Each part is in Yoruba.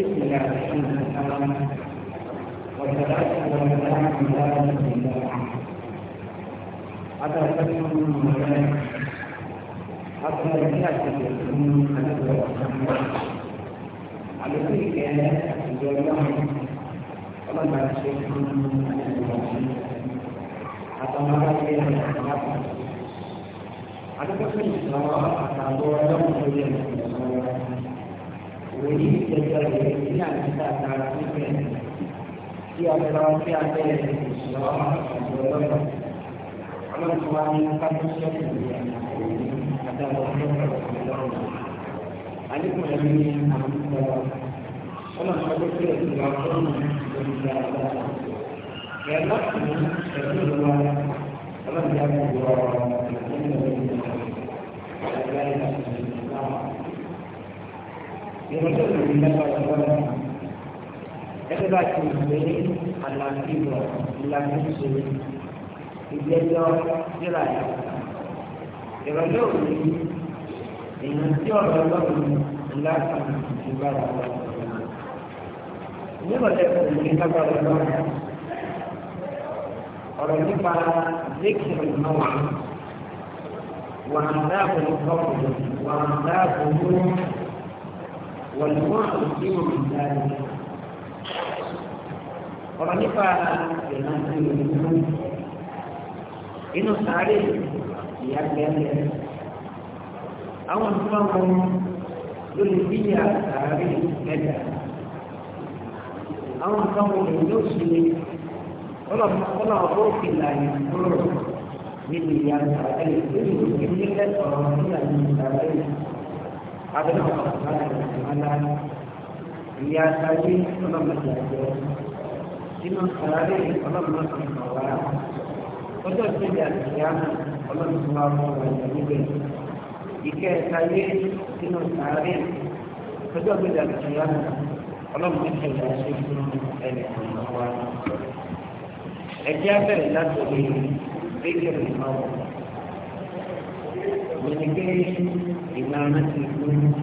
بسم الله الرحمن الرحيم والصلاة والسلام على رسول الله هذا قسم من أفضل الكاتب يكون على كل كان يوم ومن بعد شيخ atau mereka yang berpendapat. Adakah sesuatu atau orang yang berpendapat òní ìjọba rẹ̀ ní àtúntà àtàrà pípẹ́ tí a bá wọn tí a bẹ̀rẹ̀ lọ́wọ́ ìgbọ̀lọ́wọ́ ọlọ́run wa ní kápẹ́sẹ̀ ìgbìyà àtàwọn ọlọ́run àdínkù rẹ̀ ní àwọn ọlọ́run ọdún tí ó ti wà fún ìgbà àtàrà rẹ̀ lọ́sùn ẹ̀dùn lọ́wọ́ ọlọ́run yà gbogbo ọ̀rọ̀ ìgbìyà àtàrà ìrọ̀lẹ́ òní ní lágbára lọ́wọ́ ẹgbẹ́ bá ti gbé àlàáfíà ìlànà ìṣòro ìgbẹ́jọ́ síra yà ìrọ̀lẹ́ òní èèyàn tí ọ̀rọ̀ lọ́rùn lásán ìbára lọ. Nígbàdé òní ní lágbára lọ́wọ́ ọ̀rọ̀ nípa zikiri náà wà á dáàbò lọ́wọ́ wà á dáàbò lọ́wọ́. والمعنى يقيم من ذلك ọ̀rọ̀ nípa ìlànà ìlú inú sáré ìyá gẹ́gẹ́ àwọn tó máa ń lò lè bí ìyá sáré mẹ́ta àwọn kan wò lè yóò ṣe ọlọ́mọkọ́lá ọ̀pọ̀ òkèlà ìgbòrò nínú ìyá sáré lórí òkèlè abin da ba ta ala ya sami wannan masalaya iman karare wannan masalaya ọjọ́ tí ìyá ìyáàmù ọlọ́run tó wá mọ́ ọ̀rọ̀ ìyá níbẹ̀ ìkẹ́ ẹ̀káyé nínú sàárè ọjọ́ tí ìyá ìyáàmù ọlọ́run tó ṣẹlẹ̀ ṣe onígbé ìlànà ti fún un.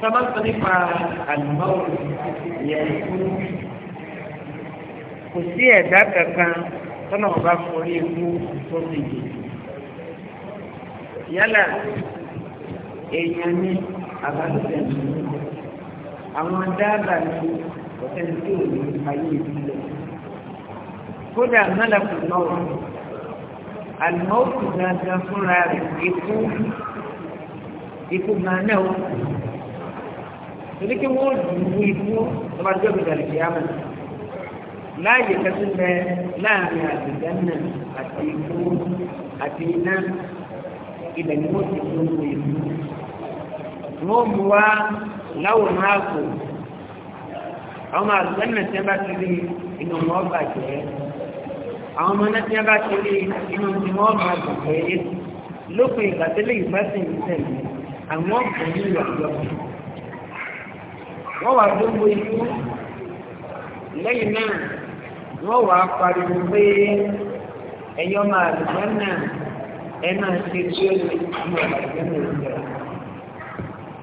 sábà sọ nípa àlùmọ́ọ̀lù yẹn fún kò sí ẹ̀dá kankan tọ́nà ọba forí ikú tó ti jù. yálà èèyàn ní àbálòpẹ̀ nínú àwọn dáàbà ní ọ̀sẹ̀ tí ò ní ayé ìdílé. kódà mọ́lá kò náà àlùmọ́ọ̀kù gangan fúnra rẹ̀ ikú ikú gan náà ó torí kí wọ́n dùn ikú tó bá jọ́ gbèdà lè fi àmà láàyè kẹsùn bẹ láàrin àgbègbè náà àti ikú àti iná ilẹ̀ ni wọ́n ti dùn ikú wọ́n mú wa láwọn máa kù àwọn àgbẹ̀ náà tẹ́ bá ti rí inú wọn bàjẹ́ àwọn ọmọ náà tí wọ́n bá ti rí inú tí wọ́n bá dùn pé lópin ìgbà tẹ́lẹ̀ ìbáṣẹ̀ ìṣẹ̀lẹ̀ àwọn ọ̀gbìn ní ìwà ìjọba wọ́n wà gbogbo ikú lẹ́yìn náà wọ́n wà pariwo pé ẹ̀yọ́ máa lùgbọ́n náà ẹ máa ṣe tí ó lè mú àgbẹ̀ náà jẹ́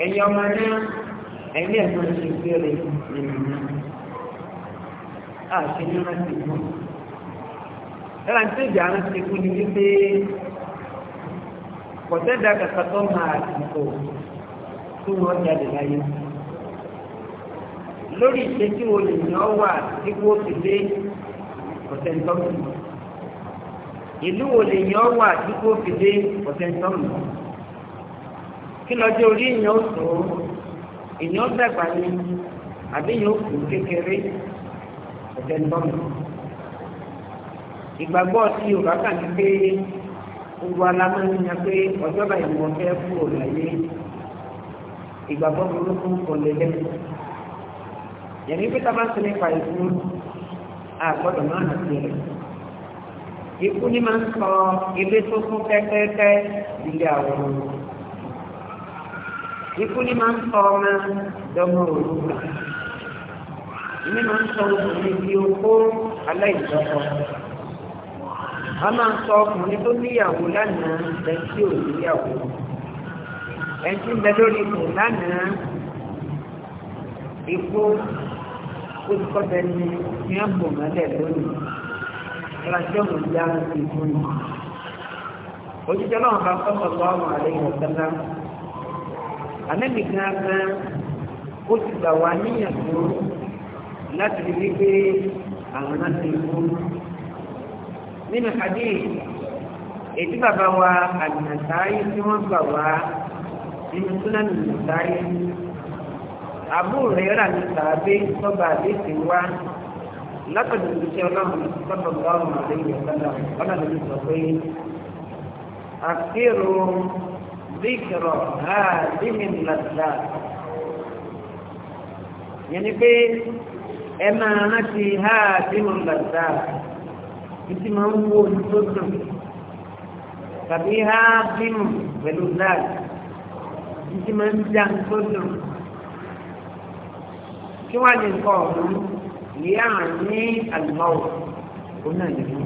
ẹ̀yọ́ máa náà ẹ̀yẹ́ máa ṣe tí ó lè mú àgbẹ̀ náà àti ẹ̀rọ àti ìjà àrùn ti kú ni wípé kọ̀tẹ́dà kàkà tó máa dìbò tó wọ́n jáde láyé lórí ìṣe tí o lè yàn wà dípò òfìdé ọ̀tẹ̀ntọ́mù ìlú o lè yàn wà dípò òfìdé ọ̀tẹ̀ntọ́mù kí lọ́jọ́ orí èèyàn sọ èèyàn dàgbà ni àbí èèyàn kù kékeré ọ̀tẹ̀ntọ́mù ìgbàgbọ́ tí yorùbá kà ní pé gbogbo alámọ́ni ni pé ọjọ́ bá ìwọ̀n fẹ́ fún òlàyé ìgbàgbọ́ burúkú kò lè lẹ́nu yẹ̀mí pé tábà sí nípa ikú àgbọ̀dọ̀ máa nà sí rẹ̀ ikú ní máa ń sọ ilé tó kún kẹ́kẹ́kẹ́ ilé àwọn ọmọ ikú ní máa ń sọ ọmọ dọ́mọ òrùka ní máa ń sọ obìnrin di okó aláìsọ́kọ̀ọ́ a máa ń sọ ọkùnrin tó níyàwó lánàá lẹ sí òníyàwó ẹni tí ń bẹ lórí ipò lánàá ikú olùkọ́tẹ ni ní ẹ̀bùn mọ́lẹ̀ lónìí ọlọ́jọ́ mọ̀ ní ara ti fún mi òjíjẹ́ náà bá sọ́kọ̀ lọ́wọ́ àlẹ́yìn ọ̀sánlá àlẹ́mì gángan ó ti gbà wá níyàwó láti rí wípé àwọn náà ti fún mi nínú hadith ètí bàbá wa àdìnàsáyé tí wọ́n gbà wá nínú súnámì nàsáyé àbúrò rẹ̀ rà ní sàábé sọ́ba àdéhùn wá látọ̀dọ̀ ìṣẹ́ ọlọ́run sọ́dọ̀ ọlọ́run àdéhùn ọ̀sán ọlọ́run sọ pé àfihàn ذكر هذه اللذات يعني بي اما نتي هذه اللذات títí máa ń wo ojú tó dùn tàbí há bímù pẹ̀lú dáàbì títí máa ń já tó dùn kí wàá ní nǹkan ọ̀hún ìyá ní àlùbáwò òun náà lè mú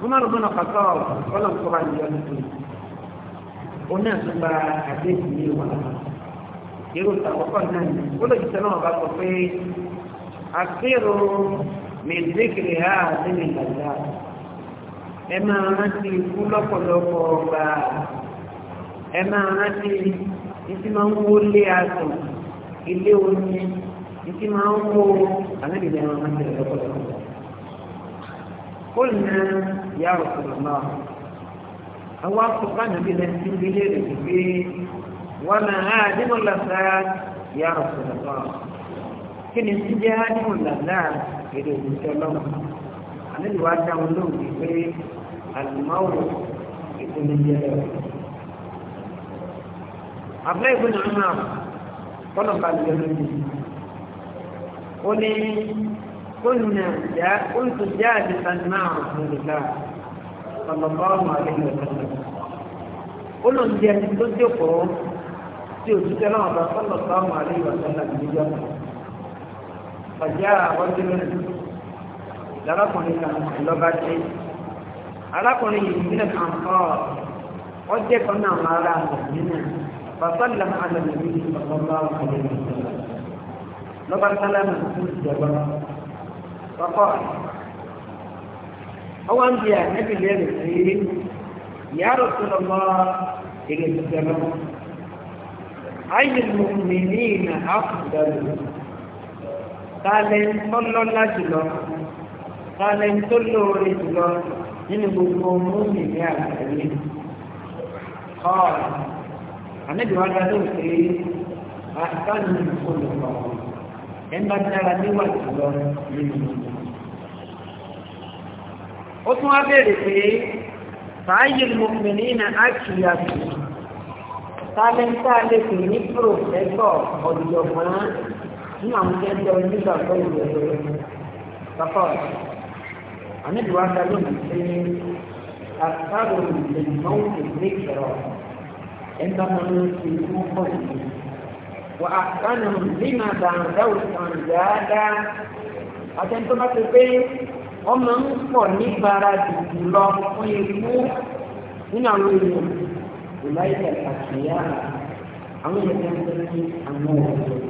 wọ́n máa ń gbọ́nà pàtó ọ̀rọ̀ kọ́ba ní ọdún tó yìí òun náà tún gba àdéhùn ní ìwà èrò ìtàkọ́kọ́ náà ó lè jù sẹ́nà ọ̀gá pé àpérò mẹ̀dẹ́kìrì ha nínú ìgbàgbà ẹ máa rántí ikú lọ́pọ̀lọpọ̀ ọgbà ẹ máa rántí ìtí máa ń wó lé àtọ̀ ilé omi ìtí máa ń wó ànábìlẹ̀ máa rántí lọ́pọ̀lọpọ̀ kólínà ìyá òṣèlú náà àwọn akọ̀kọ̀ ànábìlẹ̀ ti ń bilé rẹ̀ pé wọn náà á èdè òṣìṣẹ́ lọ́wọ́ ànílùú wa dá wọn lóhùn wípé àlùmáwò ìpinnu jẹ ẹ̀rọ. àbúlé ìpinnu ọmọ kọ́nà balùwẹ̀ lónìí ó ní قلنا جاء قلت جالسا مع رسول الله صلى الله عليه وسلم قلنا جالسا jókòó tí òṣìṣẹ́ náà bá صلى الله عليه وسلم níjọ́ náà ọ̀já ọdún mẹ́rin lárakùnrin kan lọ́ba dé arákùnrin yìí nílẹ̀ kan kọ́ ọ jẹ́ kan náà máa ra àwọn nínú fasọ́lá alẹ́lẹ́ ní ọgbọ́nbá ọkùnrin lọ́ba sálámà fún ìjọba kọ́kọ́ ọwọ́ ń bí ànẹ́bí lẹ́rìn sí yàrá tó lọ mọ́ èrè ìjọba ayélujára mi ní ìnà áfùdàlù kálẹ̀ tọ́lọ́lá jùlọ kálẹ̀ tó lóore jùlọ nínú gbogbo múmi ní àgbáyé ọ̀rọ̀ àmẹ́bíwájá ló pé àtàlù olùkọ́ ẹ̀ńbà dára níwà jùlọ nínú ó tún wá béèrè pé fàáyé mọ̀mìnì ní àkìyàtì tálẹ́ńtà lè pè ní pòròfẹ́sọ̀ ọ̀dùnjọ̀gbọ́n nínú àwọn tí wọ́n jẹ́ ọdún nígbà tó ń lò lórí bàbá ọ̀rọ̀ àníbi wá dá lónìí pé àtàrò lè mọ òkè méjìlá ẹ̀ńdá mọ́ ti mú pọ̀ sí wà á kánú lima dàńdá òsàn dáadáa àtẹ̀ntọ́ bá ti pé ọmọ ń pọ̀ níbara dùdù lọ fún ikú nínú àwọn èèyàn ìláyà àkìyà àwọn èèyàn tó ń àwọn ọ̀dọ́.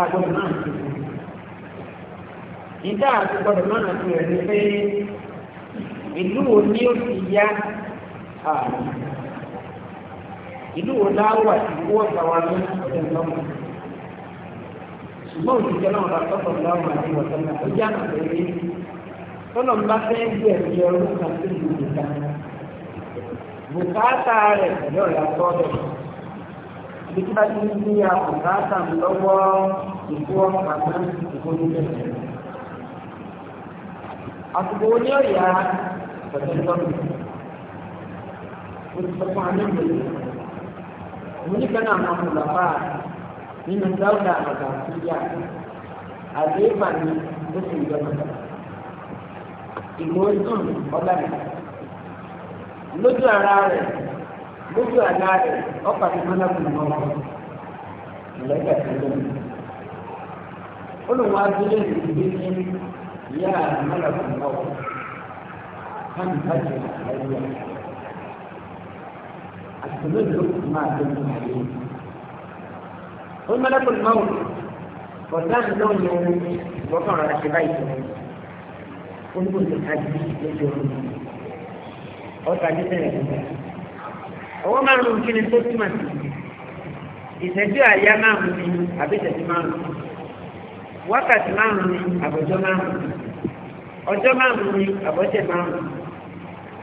àgbọ̀dọ̀ náà ti rẹ̀. Ìdá àti gbọ́dọ̀ náà ti rẹ̀ ni pé ìlú wo ni ó ti yá ààrùn. Ìlú wo láwà tí owó ọ̀gá wa ní ọ̀dọ̀ lọ́mọ. Ṣùgbọ́n òṣìṣẹ́ náà bá tọ́tọ̀ láwọn àti ọ̀dọ̀ náà ó yá nà pé tọ́lọ̀ ń bá fẹ́ gbé ẹ̀jẹ̀ ọdún kan ìlú ìta. Bùkátà rẹ̀ lọ́ọ̀rẹ́ àtọ́dọ̀ títí bá ti ní àbùkátà lọ́wọ́ ìkú ọ̀pá náà ìfowópamọ́ àsìkò ní ọ̀yà pẹ̀lú lọ́nà olùsọ̀kọ̀ àmì oníkanna àwọn ọmọlọ́pà nínú dáúdà àgbà síyá àdéhùbà ni ó sì yọ̀nà ìgbóhùn ọ̀dà lójú ara rẹ̀ lójú àlá rẹ̀ ọkọ̀ àti mọ́nàkùnrin náà ìlẹ́kẹ̀ tó lónìí. olùwà abúlé ìdílé ní ìyá mọ́nàkùnrin náà káàmì bàjẹ́ àlàyé àti lójú máa lójú àlè. olùmọ́nàkùnrin náà ọ̀sán náà ló ń gbọ́kànlá ṣe báyìí olùkọ́ ìṣèkájú lójú ọ̀run ọ̀sán ní sẹ́yìn ọwọ́ márùn-ún kí ni tó túmọ̀ sí ìṣẹ́jú àyá márùn-ún ni àbí ìṣẹ́jú márùn-ún wákàtí márùn-ún ni àbọ̀jọ́ márùn-ún ọjọ́ márùn-ún ni àbọ̀jẹ̀ márùn-ún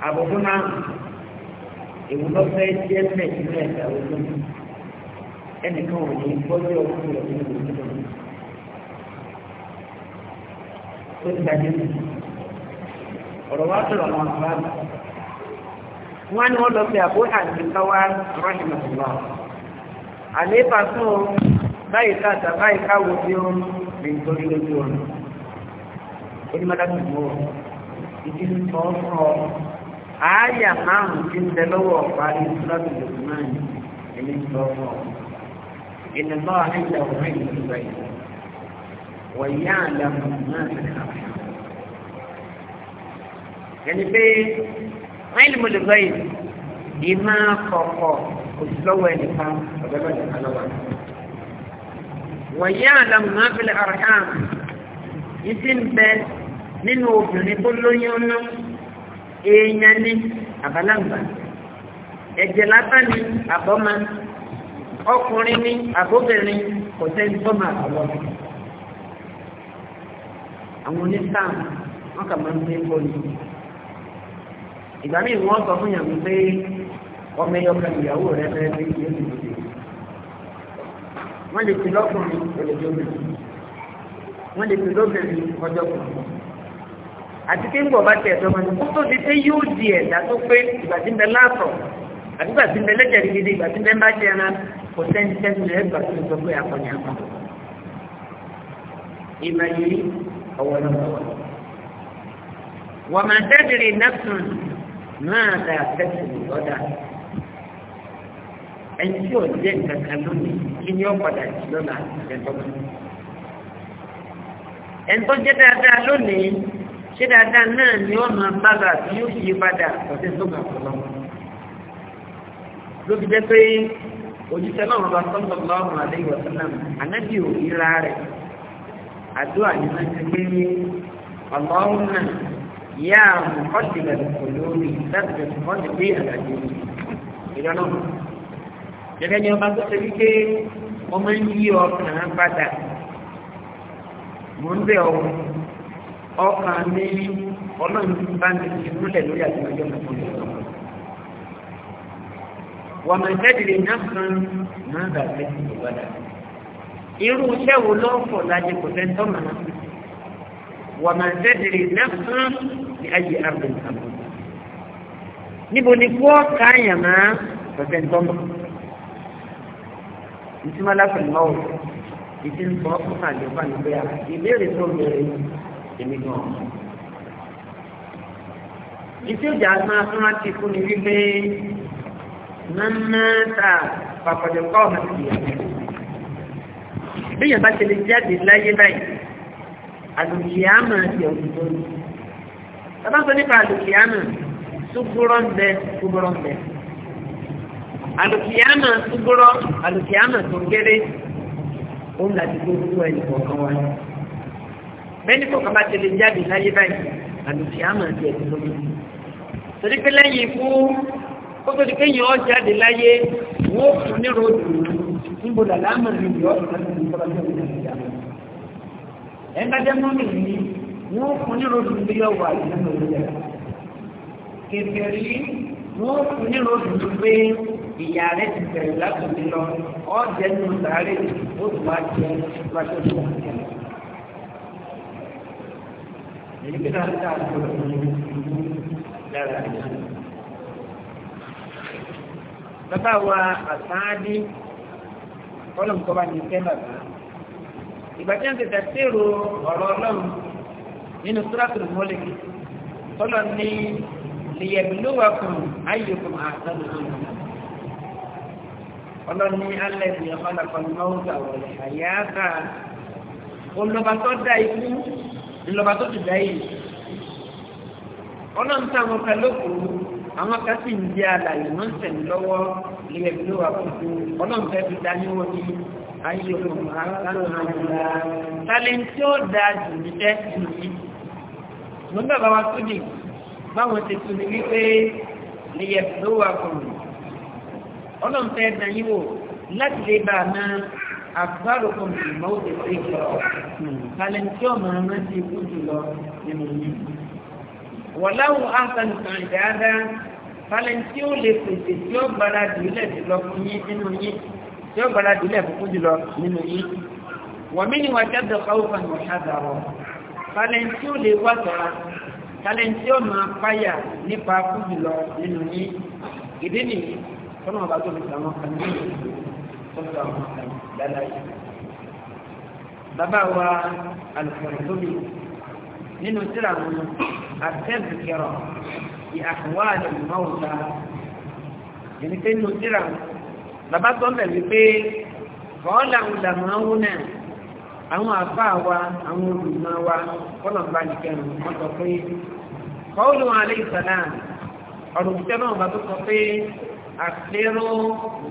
àbọ̀jọ́ márùn-ún èwo ló fẹ́ jẹ́ mẹ́tì mẹ́ta ọdún ẹnìkan ò ní gbọ́dọ̀ ọkùnrin rẹ̀ nínú ìlú náà tó ti gbàgbé ọ̀rọ̀ wá sọ̀rọ̀ àwọn àbáàbò wọ́n ní wọ́n lọ fi àbó àdìsáwá rọ́ṣìmọ̀tìmọ̀ àlééfà fún o báyìí káàtà báyìí káwo bí ó ń lè torí lójú ọ̀nà onímọ̀dájú mọ́ ìdí ń tọ́ fún ọ àáyà márùn-ún ti ń bẹ lọ́wọ́ ọ̀pá ẹni pé ilmu al-ghaib ìmọ̀ kọ̀kọ̀ òṣìlọ́wọ́ ẹnìkan ọ̀dọ́dọ́ nìkan lọ́wọ́. wa ya'lamu ma fil arham ìsì ń bẹ nínú obìnrin tó lóyún ná èèyàn ní àbálàǹgbà ẹ̀jẹ̀ látà ní àbọ́mà ọkùnrin ní àbóbìnrin kò tẹ́ bọ́mà àbọ̀. àwọn onísàn wọn kà máa ń gbé bọ́ọ̀lù ìgbà míì wọ́n sọ fún yàn wípé ọmọ ẹyọ kan ìyàwó rẹ fẹ́ lé ìyẹn ti dìde wọ́n lè fi lọ́kùnrin ọ̀lẹ́jọ́ mi wọ́n lè fi lọ́bìnrin ọjọ́ kan àti pé ń bọ̀ bá tẹ̀ ẹ̀sọ́ wọn kó tó di pé yóò di ẹ̀dá tó pé ìgbà tí ń bẹ láàtọ̀ àti ìgbà tí ń bẹ lẹ́jẹ̀ gidi ìgbà tí ń bẹ bá jẹ ẹran kò sẹ́ni sẹ́ni rẹ̀ gbà tó sọ pé akọni akọni. ìmọ̀ yìí ọ̀wọ́ lọ́wọ́ wọ́n máa dẹ́bìrì nẹ́pùn máa da àtẹ́sùn lọ́dà ẹni tí ò jẹ́ kankan lónìí kí ni ó padà jù lọ́la ìjẹ́tọ́gbọ́n. ẹni tó jẹ́ dáadáa lónìí ṣé dáadáa náà ni ó máa bára tí yóò yí padà ọ̀sẹ̀ tó gbà fún lọ́wọ́. ló fi jẹ́ pé òjíṣẹ́ náà bá sọ́ńtọ̀ lọ́rùn àdéhùn ọ̀sán náà ànábì ò rí ra rẹ̀ àdúrà ní wọ́n ti gbé ọlọ́run náà. يا مقدم القلوب ثبت قلبي على دينك إذا نقول gẹ́gẹ́ ni ọba tó ṣe wípé wọ́n máa ń yí ọkàn padà mò ń bẹ̀ ọ́ ọkàn ní ọlọ́run bá mi ti múlẹ̀ lórí àtìmọ́jọ́ mi fún mi. wọ́n máa ń tẹ́tìlẹ̀ náà kan máa ń bà bẹ́ẹ̀ sí ìwádà. irú iṣẹ́ wo وما تدري نفس بأي أرض تموت níbo ni kú ọ̀ka àyàn máa pẹ̀pẹ̀ ntọ́mọ̀ ìtumọ̀lá pẹ̀lú ọ̀wọ̀ ìdí nǹkan ọkùnrin àjọpá ní pé ìbéèrè tó bẹ̀rẹ̀ èmi gan ọ̀hún. ìtí ìjà máa tún láti kú ni wípé máa ta pàpàdé kọ́ ọ̀hún sí ìyàwó. bí yàrá ti lè jáde láyé báyìí àlùkìyàmà ti òdìbò ni bàbá sọ nípa àlùkìyàmà súgbúrọ ń bẹ súgbúrọ ń bẹ àlùkìyàmà súgbúrọ àlùkìyàmà tó kéré ó ń láti gbogbo ẹnì kọ̀ọ̀kan wa bẹ́ẹ̀ni kọ̀ọ̀kan bá tẹ̀lé jáde láyé báyìí àlùkìyàmà ti òdìbò ni torí pé lẹ́yìn ikú ó tó di kéèyàn ó jáde láyé wọ́n fún nírò òdùnú níbo làlámà ni ìyọ́ ìtàn ìgbàlódé ẹgbẹ́jẹ́ mọ́mí ní wọ́n fún ní ròdùn bí yọ wà nínú ìlú kèfèrí wọ́n fún ní ròdùn pé ìyá rẹ̀ ti bẹ̀rẹ̀ látòmí lọ ọ̀jẹ̀ nù sáré ó tún wá jẹ́ wájú tó wà jẹ́ èyí bí náà dáa tó lọ sí ìlú ìlú. bàbá wa àtàádé kọ́lọ̀ bá ní kẹ́ bàbá ìgbà tí wọ́n ti tẹ̀síro ọ̀rọ̀ ọlọ́run nínú suratul Mulk tọ́lọ̀ ní liyabluwakum ayyukum ahsanu amala ọlọ́run ní alladhi khalaqal mawta wal hayata olùlọ́ba tó dá ikú olùlọ́ba tó ti dá yìí ọlọ́run táwọn kan lókùú àwọn kan sì ń jẹ́ àlàyé wọ́n ń tẹ̀lé lọ́wọ́ liyabluwakum ọlọ́run fẹ́ fi dá níwọ̀n ní ayélujára tàlẹ̀ tí ó dáa jù ní jẹ́ ìlú mo ń bàbá wa tó dì báwọn ti tún ní wípé ìyẹ̀ ló wà kùn ọlọ́run fẹ́ dán yín wò láti lè bá a máa àgbàdo kan kì í máa tètè ìjọ tàlẹ̀ tí ó máa rántí ikú jùlọ tí ó gbọ́dá dìlẹ̀ púpọ̀ jùlọ nínú yìí wọ̀mí ni wọ́n jáde kọ́wọ́fà ní ọ̀ṣàdàrọ̀ tàlẹ́ntì ó lè wà sọ́ra tàlẹ́ntì ó máa páyà nípa púpọ̀ jùlọ nínú yìí ìdí nìyí tọ́nà ọba tó fi sàmọ́ kan ní ìlú tó bàbá tó bẹ̀ wípé kọ́ọ̀lá ọ̀dàmọ́ ọ̀hún náà àwọn àfáà wa àwọn olùmọ̀ wa kọ́lọ̀mbà nìkẹrùn wọ́n sọ pé kọ́ọ̀lù alẹ́ ìsàlá ọ̀rọ̀ òṣìṣẹ́ náà bá tó sọ pé àfẹ́rọ́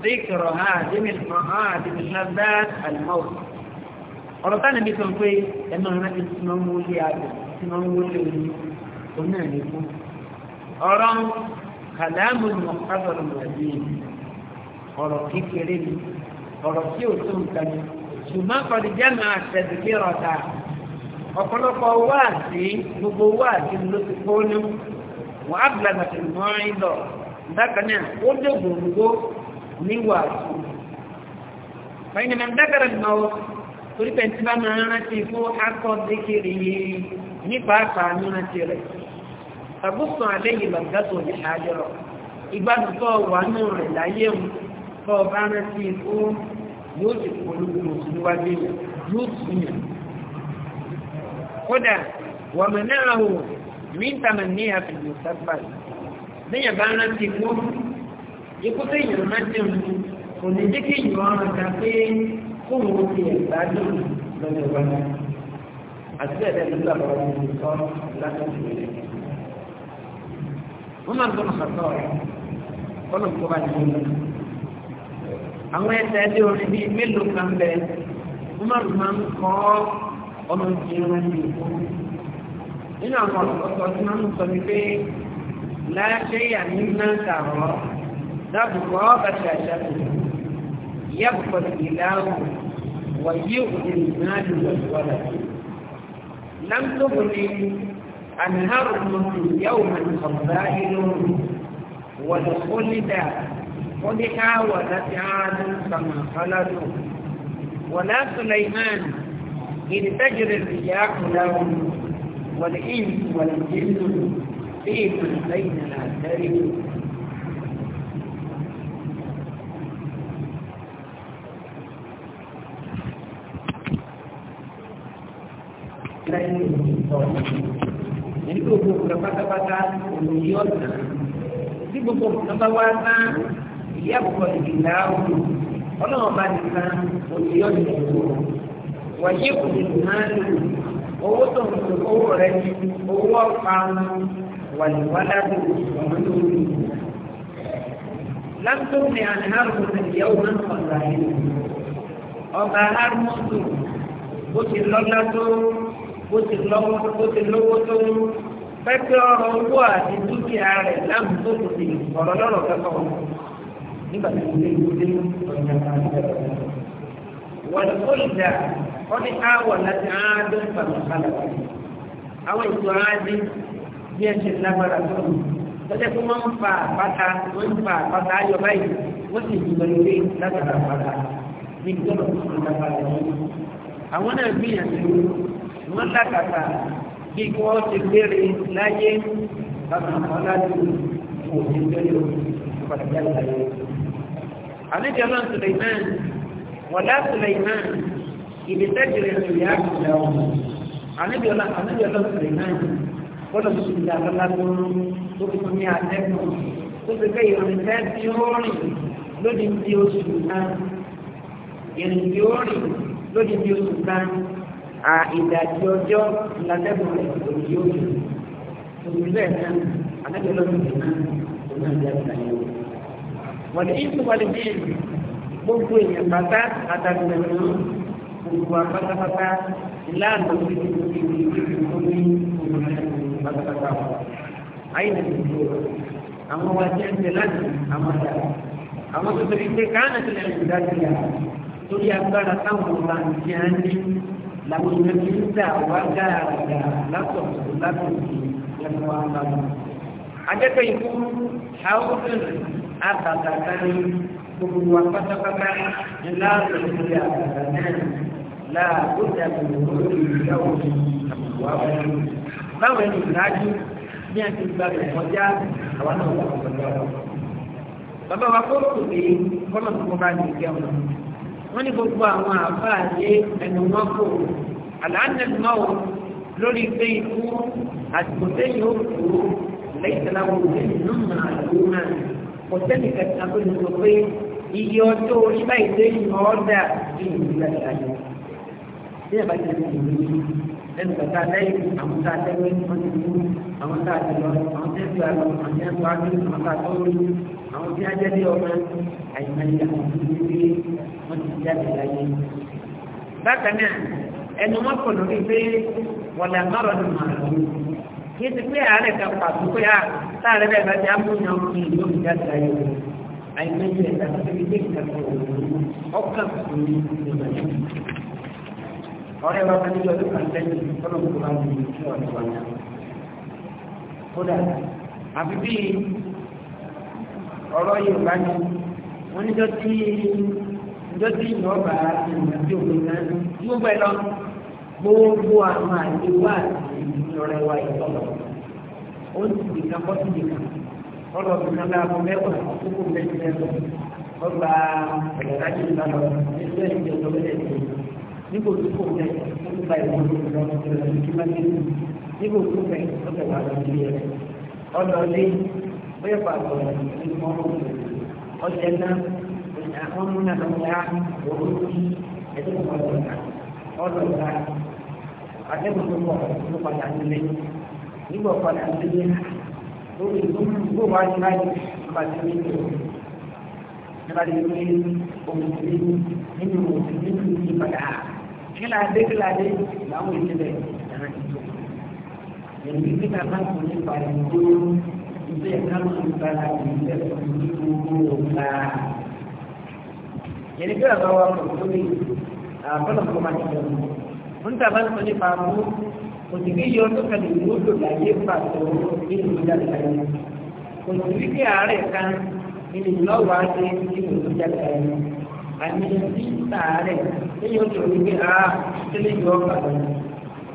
zikiro ha àdìmìlmọ́ ha àdìmìlmọ́ àlùmọ́ ọ̀rọ̀ táwọn ẹbí sọ pé ẹ máa rántí tí ọ̀rọ̀ kékeré ni ọ̀rọ̀ tí ò tó nǹkan ni ṣùgbọ́n kọ́ni jẹ́nu àṣẹ̀dùkí rọ̀tà ọ̀pọ̀lọpọ̀ wáàsí gbogbo wáàsí ló ti kó ní wọ́n á bìlà nàfẹ̀ mọ́ ẹ̀ lọ bákan náà ó dé gbòǹgbò ní wàásù fẹ́yìn náà dákàrà ní ọwọ́ torí pẹ̀ntì bá máa rántí fún akọ́ dékèrè nípa àpàánú rántí rẹ̀ tàbùsùn àlẹ́yìn lọ́gàtò ní àjọrọ̀ ìgbádùn wà nù rẹ̀ láyé wọn tọ́ bá rántí ó yóò sì polówó oṣù níwájú èèyàn yóò sì yàn kódà wọ́n mọ̀ náà hù mí ń tàmà ní àfihàn sábà lẹ́yìn bá rántí ó ikú tó yàn rántí mu kò ní jẹ́ kí ìyàn ọ̀ràn kan pé kó wọ́n ti ẹ̀gbá dùn lọ́nà ìwádìí àti ẹ̀dẹ́ nígbà wọ́n ti sọ látọ̀tù rẹ̀. wọ́n máa ń tọ́ ọ̀sán tọ́ kọ́nà kó bá ti mú àwọn ẹsẹ̀ ẹdí orin bíi mélòó kan bẹ umaru máa ń kọ́ ọmọ ìjìnlẹ̀ ní ìfún nínú àwọn ọ̀pọ̀lọpọ̀ tí wọ́n ń sọ ní pé láṣẹ ìyàní náà kàrọ̀ dábùkọ́ bàtà ìṣàkó yẹ́bùkọ́ ìlànà wàyí òkùnrin náà lò lọ́wọ́lá. lámtọ́kùnrin àmì hàrùn mọ́tò yàwó mọ́tò ọ̀gá ìlú wọ̀lọ́kọ́lídà قد حاولت عاد كما خلدوا ولا سليمان إذ تجري الرياح لهم والإنس والجن في من بين الأثرين Jadi gbogbo kata-kata olùyọ̀nà tí gbogbo kata wá náà ìyá àkọ́kọ́ ìdí ìdáàbò ọlọ́run bá nìkan òsì ọ̀dì ìdòwò wọ̀nyí kò ní máa lò owó tó ń lò owó rẹ ní owó ọ̀pá wàlúwàládò ọ̀mọdéwòlù. láńtó ní àdáhàrò ìyàwó náà kọ̀ọ̀dà yìí ọba harmondo bó ti lọ́lá tó bó ti lọ́wọ́ bó ti lówó tó pẹ́pẹ́ ọ̀rọ̀ owó àti dúkìá rẹ̀ láǹtó kò ọ̀rọ̀ lọ́rọ̀ kẹ́kọ̀ọ́ nígbà tí mo dé ìlú dé ọ̀nà àgbẹ̀rẹ̀ wọ́n kó ìjà wọ́n ní káwọ̀ láti áádọ́ ìpàmọ̀kálà àwọn ètò áádé bí ẹ ṣe lágbára tó lù lọ́jọ́ tó wọ́n ń fa àpáta wọ́n ń fa àpáta ayọ̀ báyìí wọ́n sì jù lọ lórí lágbára àpáta ní ìjọba tó ń lágbára yìí àwọn náà gbìyànjú wọ́n lákàtà bí wọ́n ti gbére láyé bàbá àwọn aláàbò òṣèlú ìpàdé àgbáyé àníbi ọlọ́run Suleiman wọ̀lá Suleiman ìdí tẹ́jìrì ìrìnà ìyá ọ̀hún àníbi ọlọ́run Suleiman bọ́lá tó ti dà lọ́la tó tó fi ní àtẹ́kùn tó ti fẹ́ ìrìnà tí ó rìn lódì tí ó sùn náà ìrìn tí ó rìn lódì tí ó sùn náà à ìdajì ọjọ́ ìlàtẹ́kùn rẹ̀ lòdì ó rìn òbí bẹ́ẹ̀ wọ́n ní ìtumọ̀lẹ̀ bí èyí gbogbo èèyàn pátá àtàgbẹ̀rún gbogbo apátápátá ìlànà ìdíje ìdíje omi òmìnira pátápátá wọn. ayé ní ìdíje àwọn wa jẹ́ ń tẹ láti àwọn ọ̀dà àwọn tó tẹ̀lé pé káàná ti lẹ́nu ìdájọ́ yà lórí agbára táwọn ọba ń jẹ́ á ní làwọn èèyàn ti ń dà wá dáadáa látọ̀tọ̀ látọ̀tọ̀ lẹ́nu wa ń bá wọn. ajẹ́pẹ́ ikú àwọn ọ̀dọ́ àtàtàkárí gbogbo wa pátápátá ní láàrín ìdílé àtàtà náà láàbùdà gbogbo lórí ìyàwó ìwà wọn. báwo ni ìdájú ní àti ìgbà rẹ̀ kọjá àwọn náà wà kọjá wọn. bàbá wa kó kò dé kọ́nà tó kọ́ bá ní ìgbà wọn. wọ́n ní kò sẹ́ni kẹta tó lè sọ pé iye ọjọ́ orí báyìí lẹ́yìn ọ̀dà bí ìlú gbàgbà yẹn. bí ẹ̀bá ti lè lè lè lẹ́nu kàtà lẹ́yìn àwọn tá a tẹ́wé wọ́n ti mú àwọn tá a ti lọ àwọn tẹ́ ti lọ àwọn tẹ́ tó ágbé àwọn tá a tó rí àwọn tí a jẹ́ bí ọmọ àyìnbáyé àwọn tó ti gbé wọ́n ti jáde láyé. bákan náà ẹnu wọn kò lórí kí ti pé ààrẹ kan pàtó pé à ah, láàrẹ bẹ́ẹ̀ bá ti á mú yan kí ìlú mi jáde ayé wọn àìmọye ẹ̀ka tó fi dé ìkàkọ̀ ọkàn kò ní ìgbà yìí. ọ̀rẹ́ wa kan níjọ́ tó kàn sẹ́yìn ọlọ́run tó bá ń bí kí ọ̀rẹ́ kódà àfi bí ọ̀rọ̀ Yorùbá ni wọ́n níjọ́ tí níjọ́ tí ìyọ̀ọ̀bà ìrìnàjò òun yóò bẹ̀ lọ gbogbo àwọn àdéhùn àti rẹwà ìtọ́nà ó sì dìkan bọ́ sí dìkan ọlọ́ dìkan láàbọ̀ mẹ́wàá kókó mẹ́sẹ̀ lọ ọgbà ẹ̀dájú ìlànà ẹgbẹ́ ìjọ lọ́wọ́lẹ̀ tó nígbò tó kò mẹ́ ó gba ìwọ̀n lọ́wọ́ lọ́wọ́ kí má dé lù nígbò tó mẹ́ ó fẹ́ wà lọ́wọ́ ilé rẹ̀ ọlọ́ lé bóyá pàtó ìmọ̀ ọ̀jẹ̀ náà àwọn múnà lọ́wọ́ àtẹ́gùn tó pọ̀ ló padà nílé nígbà padà nílé lórí ìlú wà ní láyé nípa ti ní ìlú nípa ti ní òmìnirí nínú nínú ìpadà kíláàdé kíláàdé làwọn ìṣẹ̀lẹ̀ ìdáná ti tó èyí nígbà bá kò ní ìpàdé tó ilé ẹ̀ka ló ń bá la kò ní ẹ̀kọ́ ní gbogbo ọ̀la. yẹnni bí ọ̀gá nígbà bá ń sọ nípa mú òsìkí yọ ọdún kan ìlú ó lò láyé pàtó nínú ìjáde láyé òsìkí kí àárẹ̀ kan nínú ìlọ́wọ́ á dé nínú ìjáde láyé àmì ìta àárẹ̀ lẹ́yìn oṣù òní a tẹ́lẹ̀ yọ ọba lọ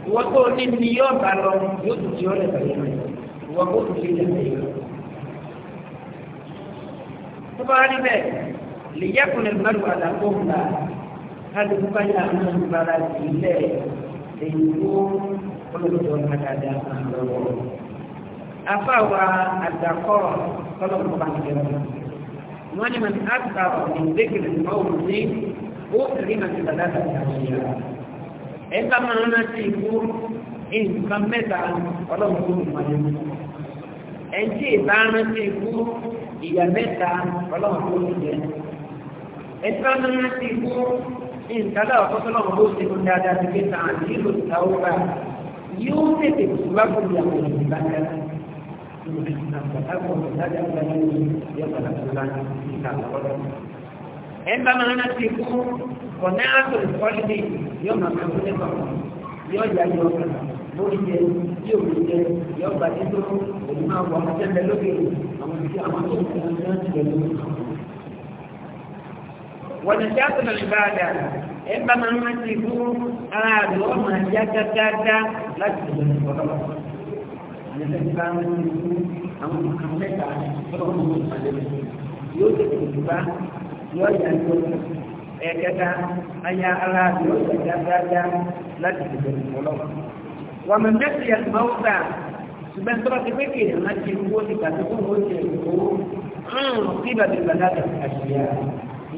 ìwọ tó ní ní yọ ọba lọ yóò tún ti ọlẹ̀ bẹ̀rẹ̀ rí bẹ́ẹ̀ lè yẹ́kùn mẹ́rù àdàkọ́ ọ̀hún káàdì púpà yà ń lọ ìbára ìlẹ̀ èyí tó olùdó àdàdà lọ́wọ́. afáwa àdàkọ́ kọ́lọ́mù bá ń jẹun. wọ́n ní màtí àtà ọ̀gbìn dékìlì mọ́wù ní ó rí màtí bàdá àtàkùnrin yà. ẹ bá máa ń rántí ikú nǹkan mẹ́ta ọlọ́mù tó ń wáyé. ẹ tí ì bá rántí ikú ìyá mẹ́ta ọlọ́mù tó jẹ. ẹ bá máa rántí ikú nǹkan náà kọ́tọ́ náà bó ṣe fún dáadáa ti fi tàn àti ìlú ìtawó bá yóò tètè tùbá kò ní àwọn ìlú bá dára ẹnba máa ń ti kú kọ̀nẹ́ àtòlù kọ́lìdì yóò máa máa wọlé kọ̀ọ̀kan yóò yá yọ ọ̀kan lórí jẹ yóò wọlé jẹ yóò gbà dídó òun máa wọ ọmọ tẹ́lẹ̀ lókè àwọn tí àwọn tó ń tẹ̀lé náà ti lè lórí kọ̀ọ̀kan. ونشاطنا العبادة إما من ما تكون هذا وما جاك جاك لا تكون yóò tètè ìdúgbà yóò yà tó ẹ̀kẹta ayé aláàbí yóò tètè dáadáa láti tètè ìfọlọ́. wà mí mẹ́sì yà tó bá wù dà ṣùgbọ́n tó bá ti pé kéde láti wó ti pàṣẹ fún wọ́n ti ẹ̀ kó ń kí bàbá ìgbàlá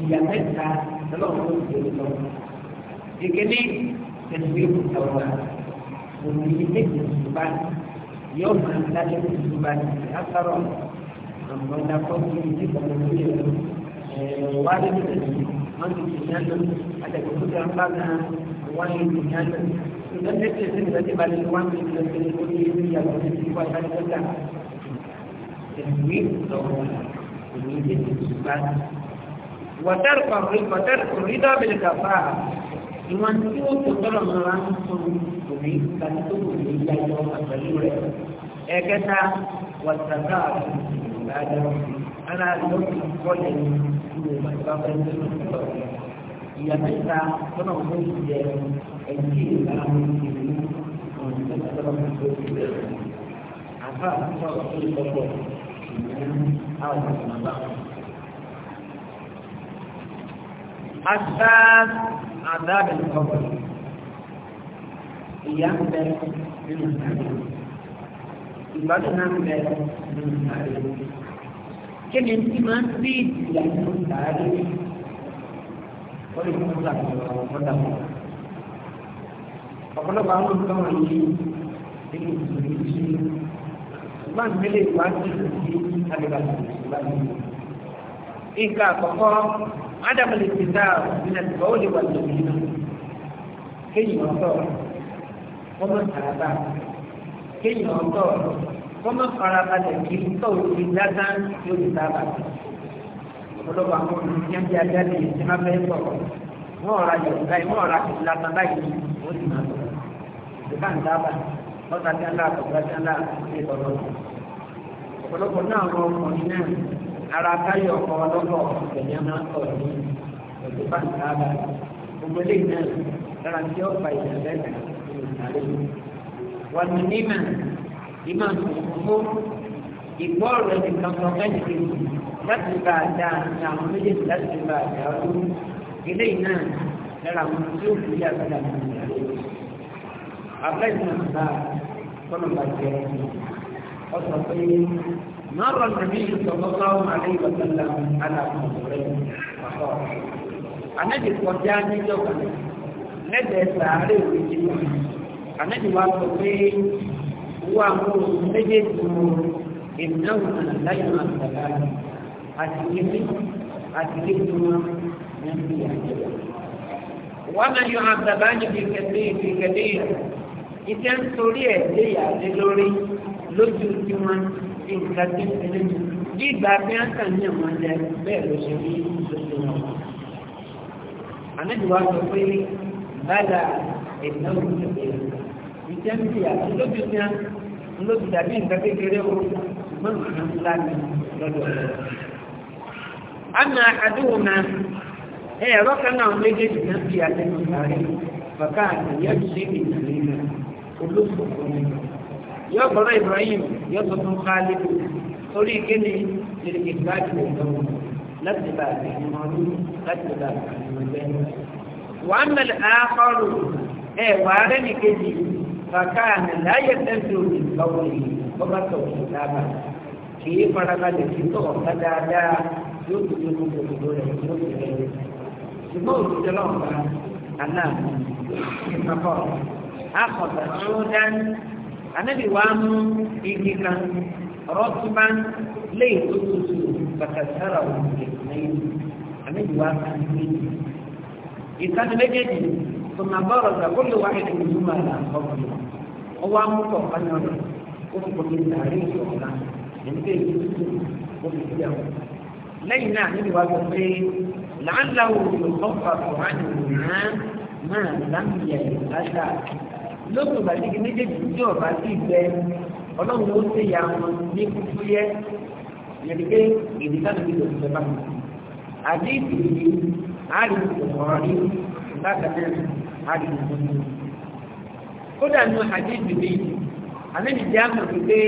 ìyá mẹ́ta lọ́wọ́ tó ti lọ. Ìkíní ẹ̀sìn ìwà òní méjì ìgbà yóò máa ń dájọ́ ìgbà látọ̀rọ̀ àwọn ọ̀dàkọ́ tó ń dìbò lórí ẹ̀rọ wá lórí ẹ̀rọ wọ́n ti ti yá lọ àtẹ̀kọ́ tó ti ń bá náà wọ́n yóò ti yá lọ. Ìgbésẹ̀ tí ìsìn ìgbésẹ̀ bá lè wọ́n ti lọ sí orí ìlú ìyàwó ti ti wá ìbánisọ́jà. Ẹ̀sìn ìwà òní méjì ìgbà wàtẹ́rùkọ̀ wàtẹ́rùkọ̀ rídà bẹ̀rẹ̀ kàfà ìwọ̀n tí ó tó tọ́lọ̀ mọ́ra ń tó òní láti tó kò ní ìyá ìjọ pẹ̀lú rẹ̀ ẹ̀kẹta wàtàkà ìgbàdà ara ló ti kọ́lẹ̀ ní ìwé ìgbàgbà pẹ̀lú ìyá mẹ́ta tọ́lọ̀ mọ́ ìjẹ ẹ̀jì ìlànà ìlú ọ̀nà ìjọba tọ́lọ̀ mọ́ ìjọ àfa àti sọ̀rọ̀ tó ń bọ̀ bọ̀ ìyẹn àwọn àgbà asbab adab al-qabr ìyà ń bẹ nínú sáré ìbádùn náà ń bẹ nínú sáré kí ni tí máa ń bí ìyà nínú sáré wọ́n lè fún ọ̀sán àwọn ọ̀dà wọn ọ̀pọ̀lọpọ̀ àwọn olùkọ́ wọn yìí nínú ìṣòro yìí ṣùgbọ́n ìgbélé ìwádìí ìṣòro nǹkan àkọ́kọ́ ádámù lè ti dá ìrìnà ìgbà ó lè wà lórí iná kéyìn ọ̀tọ̀ wọ́n mọ̀ sàràbà kéyìn ọ̀tọ̀ wọ́n mọ̀ farabalẹ̀ kí tó ti dáadáa lórí sábà ọ̀pọ̀lọpọ̀ àwọn olùyẹn bí ajáde ti máa fẹ́ sọ̀rọ̀ wọ́n ọ̀ra yorùbá yìí wọ́n ọ̀ra ìlànà báyìí ó sì máa sọ̀rọ̀ ìbá ń ara káyọ̀ ọkọ̀ ọlọ́kọ̀ ìgbẹ̀yẹ máa ń tọ̀ ní ọ̀dọ̀ bá ń sábà gbogbo ilé náà lára tí ó fa ìdàgbẹ́ta ní ìsàlẹ̀ wà ní nímà ìmà tó ìgbọ́ ọ̀rọ̀ nìkan kan fẹ́ nìkan láti bá a dá ní àwọn méjèèjì láti bá a dá ọdún ilé náà lára àwọn tí ó fi yàgbẹ́ta ní ìsàlẹ̀ abẹ́ẹ̀ náà bá a kọ́nà bàjẹ́ ọ̀sọ̀ pé مر النبي صلى الله عليه وسلم على قبرين فقال النبي قدامي جوكا لدى سعره وجهه النبي وقفين هو أمور مجد إنه لا يمثلان أتيني أتيني نبي وما يعذبان بالكثير في كثير إذا سوريا لي لوري لوجو nǹkan tí ndị mú bí ìgbà bí wọ́n kàn ní àwọn ọjà bẹ́ẹ̀ ló ṣe rí lóṣù wọn. ànájú wa sọ pé bàdà ìnáwó ti bẹ̀rẹ̀ ìjẹ́ ń bìyà lóbi ní à lóbi dàbí nǹkan kékeré o ṣùgbọ́n nǹkan ńlá ni lọ́dọ̀ àmà àdúgbò náà ẹ̀rọ kan náà méjèèjì náà lẹ́nu bàbá yóò sọ̀rọ̀ Ibrahim yóò sọ fún Khalid torí kíni lèlèkè gbáàdì nìkan láti bá a bẹ̀rẹ̀ mọ́lú láti bá a bẹ̀rẹ̀ bẹ́ẹ̀. wàá mẹ́lẹ̀ àákọ́rù ẹ̀ wàá rẹ́ nìkejì kàkà láyé tẹ́sí omi báwo ni wọ́n bá tọ̀ ọ́ dábà kì í farabalẹ̀ sí tọ̀ ọ́ dáadáa yóò tó tó tó tó rẹ̀ yóò tó rẹ̀. ṣùgbọ́n òṣìṣẹ́ náà bá aláàbò àkọ́tà tó dání anábì wa mú igi kan rọ́túbá léyìn tó tutù bàtàsára òkè lẹ́yìn anábì wa kan ní ìsáni méjèèjì tó máa bá ọ̀rọ̀ sàkó lè wá ètò ìdúmọ̀ àlà ọ̀gbìn ó wá mú pọ̀ fáyọ̀ rẹ̀ ó fi pọ̀ lórí àárín ìṣọ̀kan ẹni tó èyí tutù ó fi sí àwọn. náà anábì wa sọ pé làálàá òòlù ọ̀pá kò hàn ní ìhàn máa lámìyà ìgbàgbà lókè ìbàdíkì méjèèjì tí ọba sí ìgbẹ ọlọ́run ló ṣe ya wọn ní kúkú yẹ yẹnìké èdè sáà ní ìlú ìjọba àti ìdìbò àárín ìfọ̀rọ̀ rí ìbákanná àárín ìfọ̀rọ̀ kódà nù àti ìdìbò àmẹ́ni jẹ́ àmọ̀ pípé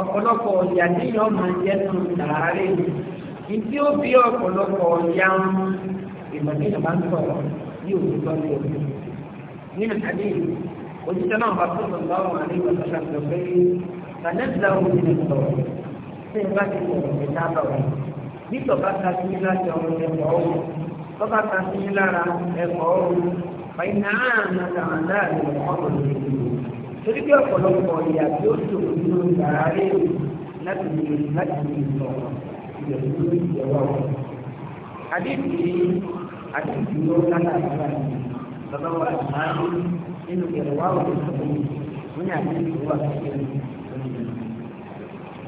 ọ̀pọ̀lọpọ̀ ìyá tí yọ máa jẹ́ nù sàárè ìdí ó bí ọ̀pọ̀lọpọ̀ ìyá wọn ìmọ̀lẹ́yìn bá ń sọ̀rọ̀ ní òkú tọ́jú ọ̀gbìn nínú ìtàgé yìí òjíṣẹ́ náà bá tó lọ́wọ́ àwọn àlejò ọ̀sán àgbẹ̀ pé kànẹ́tìlá òun ti sọ̀rọ̀ tí n bá ti sọ̀rọ̀ ní sábà wọn bítọ̀ bá ta sí láti ọ̀run ẹ̀kọ́ ọ̀run tó bá ta sí lára ẹ̀kọ́ ọ̀run fàyínà àná làwọn láàrin ọ̀run torí bí ọ̀pọ̀lọpọ̀ ìyà tí ó sì òun ló ń gbàrà rè láti lè láti lè sọ ìyẹ̀wò ìyẹ̀wò àwọn àdébìyí àdébìyí ó lálàáfíà nìyí bàbá wa àmàlù nínú ìrọ̀wá òkú sọ̀rọ̀ wọn ní àti ìrọ̀wá sọ̀rọ̀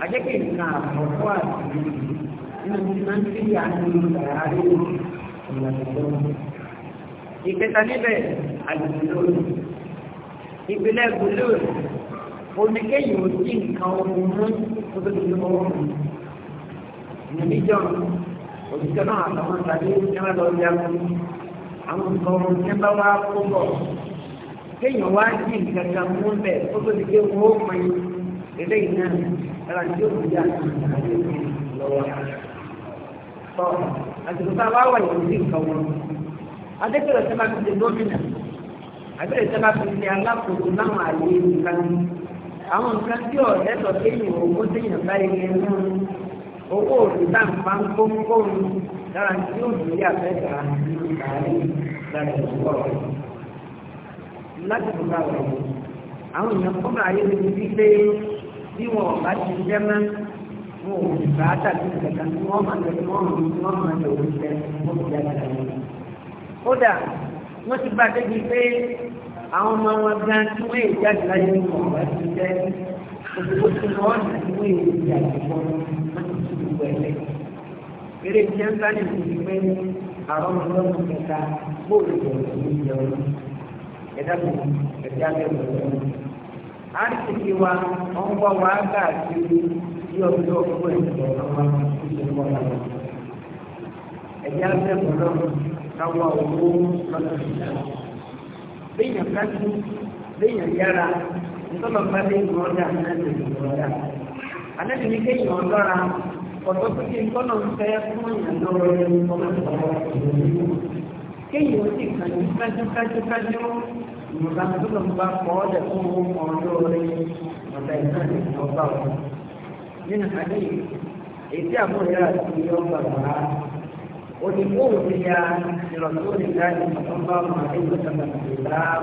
àjẹkẹ̀ nǹkan àkọ́kọ́ àti nínú tí wọ́n ti fi àánú ìgbàlá rí ìpẹta níbẹ̀ àgbègbè ìpínlẹ̀ gbòlò oníkéyìí ò sí nǹkan ọmọ mú obìnrin ọwọ́ mi níbi jọ òṣìṣẹ́ náà àtàwọn tàbí ẹgbẹ́ lọ́ọ́ yá fún àwọn nǹkan ọ̀run tí bá wá kó bọ̀ kéèyàn wá jí nǹkan kan mú bẹ̀ ó tó ti gé owó pin eléyìí náà ẹ̀rọ tí ó kù yá àti ìwé lọ́wọ́. tọ́ àtìkù tá a wá wà yìí sí nǹkan wọn. adékèrè sábà fi ṣe gómìnà àbẹ̀rẹ̀ sábà fi ṣe alákòókò láwọn àyè nǹkan àwọn nǹkan tí ọ̀rẹ́ sọ kéèyàn owó téèyàn báyìí owó òdùdá máa ń kó kóòrù lára tí ó dùn yà mẹ́ta àárín lára ìṣúkọ̀ rẹ̀. láti fún báwọn ọmọ àwọn èèyàn kọ́ máa yé lórí wípé bí wọn ò bá ti jẹ́ mọ́ wọn ò sì bá tàbí ìgbàgbà tí wọ́n máa tẹ̀lé wọn rùn tí wọ́n máa tẹ̀lé oúnjẹ wọn kò yára rẹ̀. kódà wọ́n ti bá débi pé àwọn ọmọ wọn gan tí wọ́n èèyàn jáde láyé wọn ò ti jẹ́ gbogbo tí wọ́n ti wé ìyá ìwọ wọ́n ti tún ìwọ ẹ̀lẹ́. eré tí wọ́n bá lè fi pé àwọn ọlọ́run kẹta bóòlù tó ń yọ ọ́ ẹ̀dá kò ẹ̀dá bẹ̀rẹ̀ lọ́wọ́. a ń tètè wa wọ́n wá wá gbà sí bí ọdún ọgbọ́n ẹ̀dọ̀ ọlọ́wọ́ tó ṣe wọ́n lọ́wọ́. ẹ̀dá bẹ̀rẹ̀ lọ́wọ́ káwọn owó lọ́nà ìjà. béèyàn kájú béèyàn yára ìtọ́lọ̀ bá dé ìwọ̀n dà láti ìwọ̀n dà. Àlẹ́bí ni kéèyàn lọ́ra ọ̀tọ́ tó kí n tọ́lọ̀ ń fẹ́ fún ìyàndọ́ rẹ̀ kéèyàn sì kàn ní kájúkájúkájú ìwọ̀nba tó lọ bá kọ́ ọ́ dẹ̀ fún ọ̀dọ́ rẹ̀ ọ̀dà ìtàn ìjọba wọn. Nínú àdéhùn, èyí àbúrò yára ti yọ gbàgbà ولقوم بها لرسول الله صلى الله عليه وسلم كتاب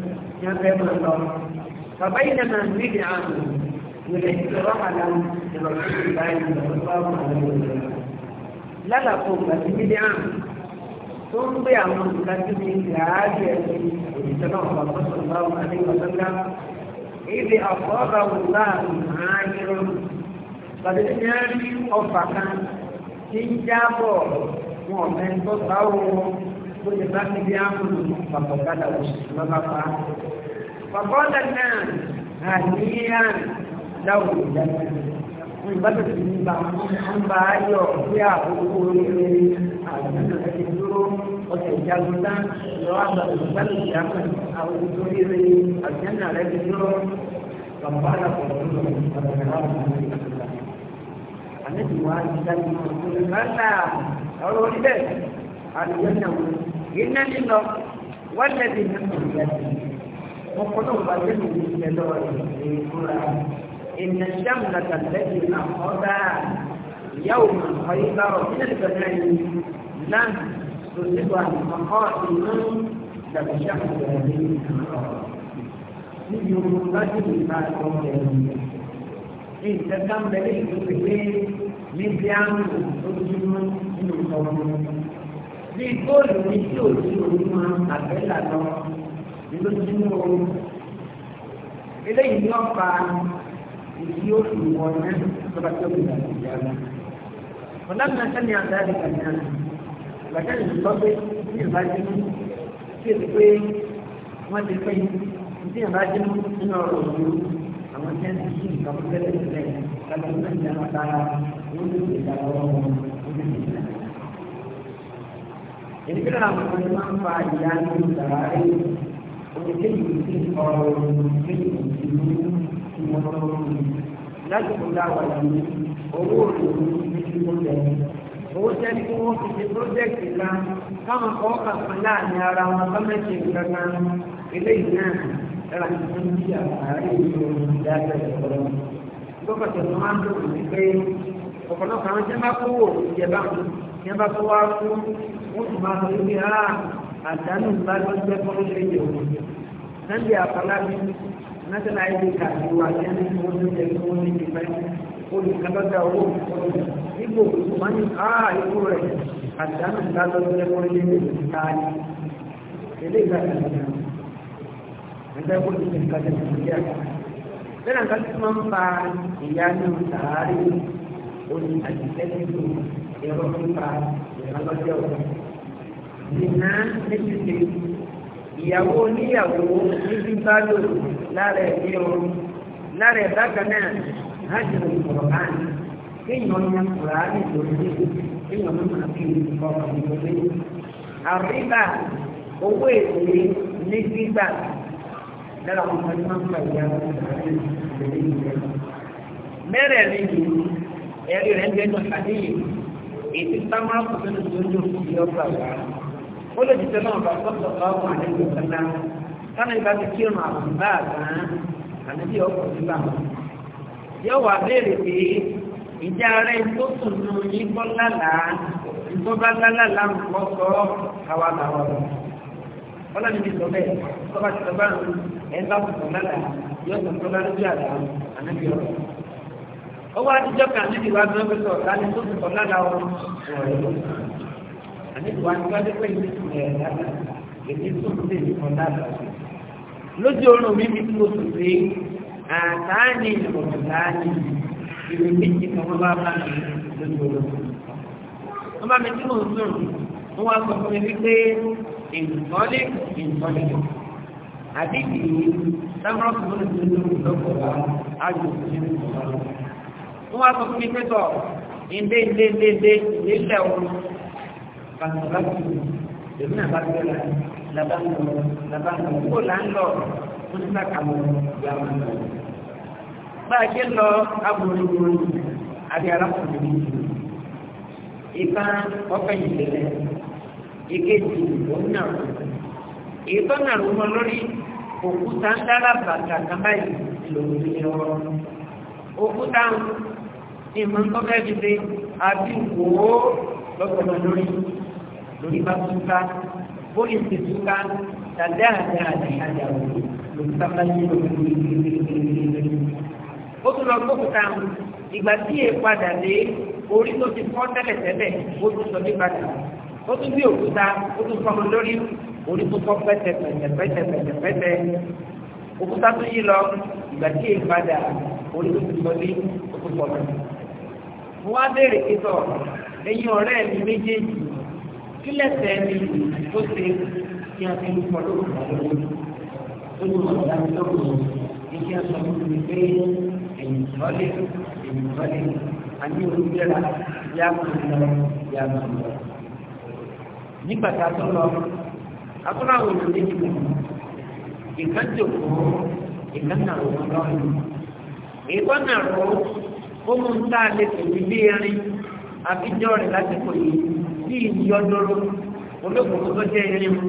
ينبغي الله فبينما بدعة من الاستراحة لرسول الله صلى الله عليه وسلم lálàfo gbàdúgbìdìá tó ń gbé àwọn ìdájúbi ìhàájú ẹ̀sìn òṣìṣẹ́ náà wà lọ́sọ̀rọ̀ bá wà ní ọ̀sánlá ibi àfọ́ọ̀bà wò láàrin ààyèrò gbàdúgbìdìá rí ọfà kan tí ń jábọ̀ ó lè bá mi bí ákùnù pàpọ̀ padà oṣù lọ́ba pa. Pàpọ́lá náà àníyàn láwùjọ ìdájọ́. Wọ́n bá tẹ̀sí ní bá ń bá ayọ̀ bí àkókò oríire àwọn ọ̀sẹ̀ ti dúró ọ̀sẹ̀ ìjagun tán lọ́wọ́ àgbàdo ìgbàlù ìyàpẹ̀ àwọn ọ̀sẹ̀ oríire àjẹ́nà rẹ̀ ti dúró. Pàpọ́lá kò lọ́wọ́ ọ̀sẹ̀ láwùjọ ìdájọ́. Àlejò wa ti dájú ọ̀sẹ̀ ìgbàlà ọ̀rọ̀ orí bẹ́ẹ̀ àlùyẹ́ náà wọ́n ti iná lílọ wọ́lẹ̀ bí mi kò yẹ sí mo kọ́ ló ń bá lẹ́nu mi sílẹ̀ lọ́wọ́ ìrìn ìfúra ìnà sẹ́mu lọ́tà lẹ́bi àkọ́dá ìyáwó mi kọ́ yí bá ọ̀ sílẹ̀ lọ́tà yìí náà tó ti wà nǹkan ìlú dàbí sẹ́mu lọ́tà yìí níbi ohun láti lè bá ọkọ̀ ẹ̀rù nǹkan kan bẹ̀rẹ̀ ìdókòwé níbi àrùn tó dúró nínú ọmọ bí góòlù ní tí ò sí onímọ̀ àbẹ́là lọ lójúmọ́ o eléyìí ní ọ̀pá ìdí òsì wọn náà lọ́ba tó bí ìgbà tó yá lọ. ọ̀làmìnà sẹ́ni àgbáyé kàní àná ìgbàjẹ́ ìdílọ́gbé ní ìbájú tí èdè pé wọ́n ti pẹ́ yìí ní ìbájú nínú ọ̀rọ̀ òṣèlú àwọn tí wọ́n ti yí nǹkan tẹ́lẹ̀ tẹ́lẹ̀ lábẹ́ ìgbàjẹ́ àwọn tára wọ́n ìdíkẹ́ àwọn ọmọdé máa ń fa ìyá ní ìgbàlá rẹ̀ oníkéyìí sí ọ̀rọ̀ ìlú ìlú tí wọ́n lọ rí láti kó dáwà yìí owó òṣèlú ní ti wọ́n lẹ̀ owó jẹ́ kí wọ́n fi ṣe pọ́jẹ́kì kan káwọn kọ́ kàkan láàrin ara wọn kọ́mẹ́tì kankan eléyìí náà ẹ̀rọ ìfún bí àbárí ìlú ìdájọ́ ìṣòro gbọ́dọ̀ tó máa ń dòwò pé ọ̀pọ̀lọpọ̀ àwọn jẹ́ máa kówó ìjẹba yẹn bá tó wá fún wọn sì máa sọ wípé á ah, àdánù ńlá ló ń jẹ́ fọ́nrẹ́sẹ̀ yẹ̀ wọ́n. sunday àfọlábí national id card wà ní ẹni tí wọ́n ń jẹ́ kí wọ́n ní ìfẹ́ olùkàlọ́dà owó ìgbò wọ́n ní àà ah, ikú rẹ̀ àdánù ńlá ló ń jẹ́ fọ́nrẹ́sẹ̀ yẹ̀ káàní. ilé ìgbà kìí ẹgbẹ́ kó ti tẹ̀ka tẹ̀ nàìjíríà bẹ́ẹ̀ náà ká tí wọ́n ń fa ìyá ní sàárè òní àti tẹ́lẹ̀ ẹ̀rọ nípa ìrànlọ́jọ́ wọn. Ìná níbi ṣe ìyàwó oníyàwó níbi bá lò lára ẹ̀mí ọrùn lára ẹ̀bákan náà láti rìn kọ̀ọ̀ náà kéèyàn ní Kùránì lórí kéèyàn ní àfi ọkàn lórí. Àríbà owó èlé ní gbígbà lára ọmọ ní máa ń gbà ìyàwó lórí ìlú. Mẹ́rẹ̀ẹ̀rin yìí ẹ̀rí rẹ̀ ń gbẹ́nu àdéhìí èyí tí sámúrà kò fẹ́ lè lójú òkúti ọgbà wá ó lè jìtẹ́ náà bá sọ́tọ̀ ọmọ àdéhùn kọ́lá kánà ìgbà ti kírun àbùbá àgbọn àdébí ọkọ̀ nígbà wọn. yóò wá béèrè pé ìjà rẹ̀ tó sùn nù yín bọ́ lálàá tó bá lálàá ń kọ́ sọ àwa làwọn lọ. wọ́n lọ́ni mi sọ bẹ́ẹ̀ tọ́ba ti sọ bá ń ẹ̀ bá kùtù lálàá yóò sọ tó lálójú àlàá àdébí ọkọ̀ ọwọ́ àtijọ́ kan níbi ìwà bí wọ́n fi sọ̀rọ̀ láti tó fi kọ̀ lára wọn àníbi wà ní wájú pé ìlú ti rẹ̀ lára èdè tó fi lè kọ̀ lára lójú oorun mi mi tó sì pé àtàní ìmọ̀tàní ìwé méjì kan wọ́n bá bá mi lójú oorun wọ́n bá mi tí mò ń sọ̀rọ̀ wọ́n wá sọ fún mi wípé ìmọ̀lẹ́ ìmọ̀lẹ́ àbí ìdí sámúrọ́ọ̀kì wọ́n wá sọ fún mi pé tọ̀ ìdé ìdé ìdé ìdé ìdé ìlẹ̀ òun bàtàbàtì èmi náà bá ti rẹ̀ làbánu làbánu kó là ń lọ fún nígbà kàmú ìyá wọn lọ. bá a ṣe lọ aburú àbí arákùnrin ìbá ọkàn ìdílé ìkejì òun náà èyí lórí òkúta ń dára bàtà kan báyìí òkúta ìmọ̀ tọ́kẹ́ ti ṣe àti ìwòó lọ́pọ̀lọ́ lórí lórí bá túká bóyí ti túká tàbí àjà àjà lórí sábà ní lórí lórí ó tún lọ gbókùtà ìgbà tí è padà dé orí tó ti fọ́ tẹ́lẹ̀tẹ́lẹ̀ ó tún sọ ní padà ó tún bí òkúta ó tún fọmọ lórí orí tó fọ́ pẹ́tẹ̀pẹ̀tẹ̀pẹ̀tẹ̀pẹ̀tẹ̀ òkúta tó yí lọ ìgbà tí è padà orí tó ti sọ ní ó tún fọ́ pẹ́tẹ̀ mo wá béèrè kíkọ ẹ̀yin ọ̀rẹ́ mi méjèèjì kí lẹ́sẹ̀ mi tó ṣe kí a fi ń pọ̀ lórúkọ lọ́wọ́ lójú ọ̀dà mi lọ́kùnrin ní kí a sọ fún mi pé ẹ̀yìn ìtọ́lé ẹ̀yìn ìtọ́lé àní olùgbéra yá kò lọ yá nígbà tá a tó lọ akọ́nà àwọn olùdíje kù ìkànnì òkú ìkànnì àwọn ọlọ́run èyí tó nà ó mú tá a lè tòbí bí erin àbíjọ́ rẹ̀ lásìkò yìí bí ìyọdọ̀rọ̀ olókùnkùn tó jẹ́ erin mu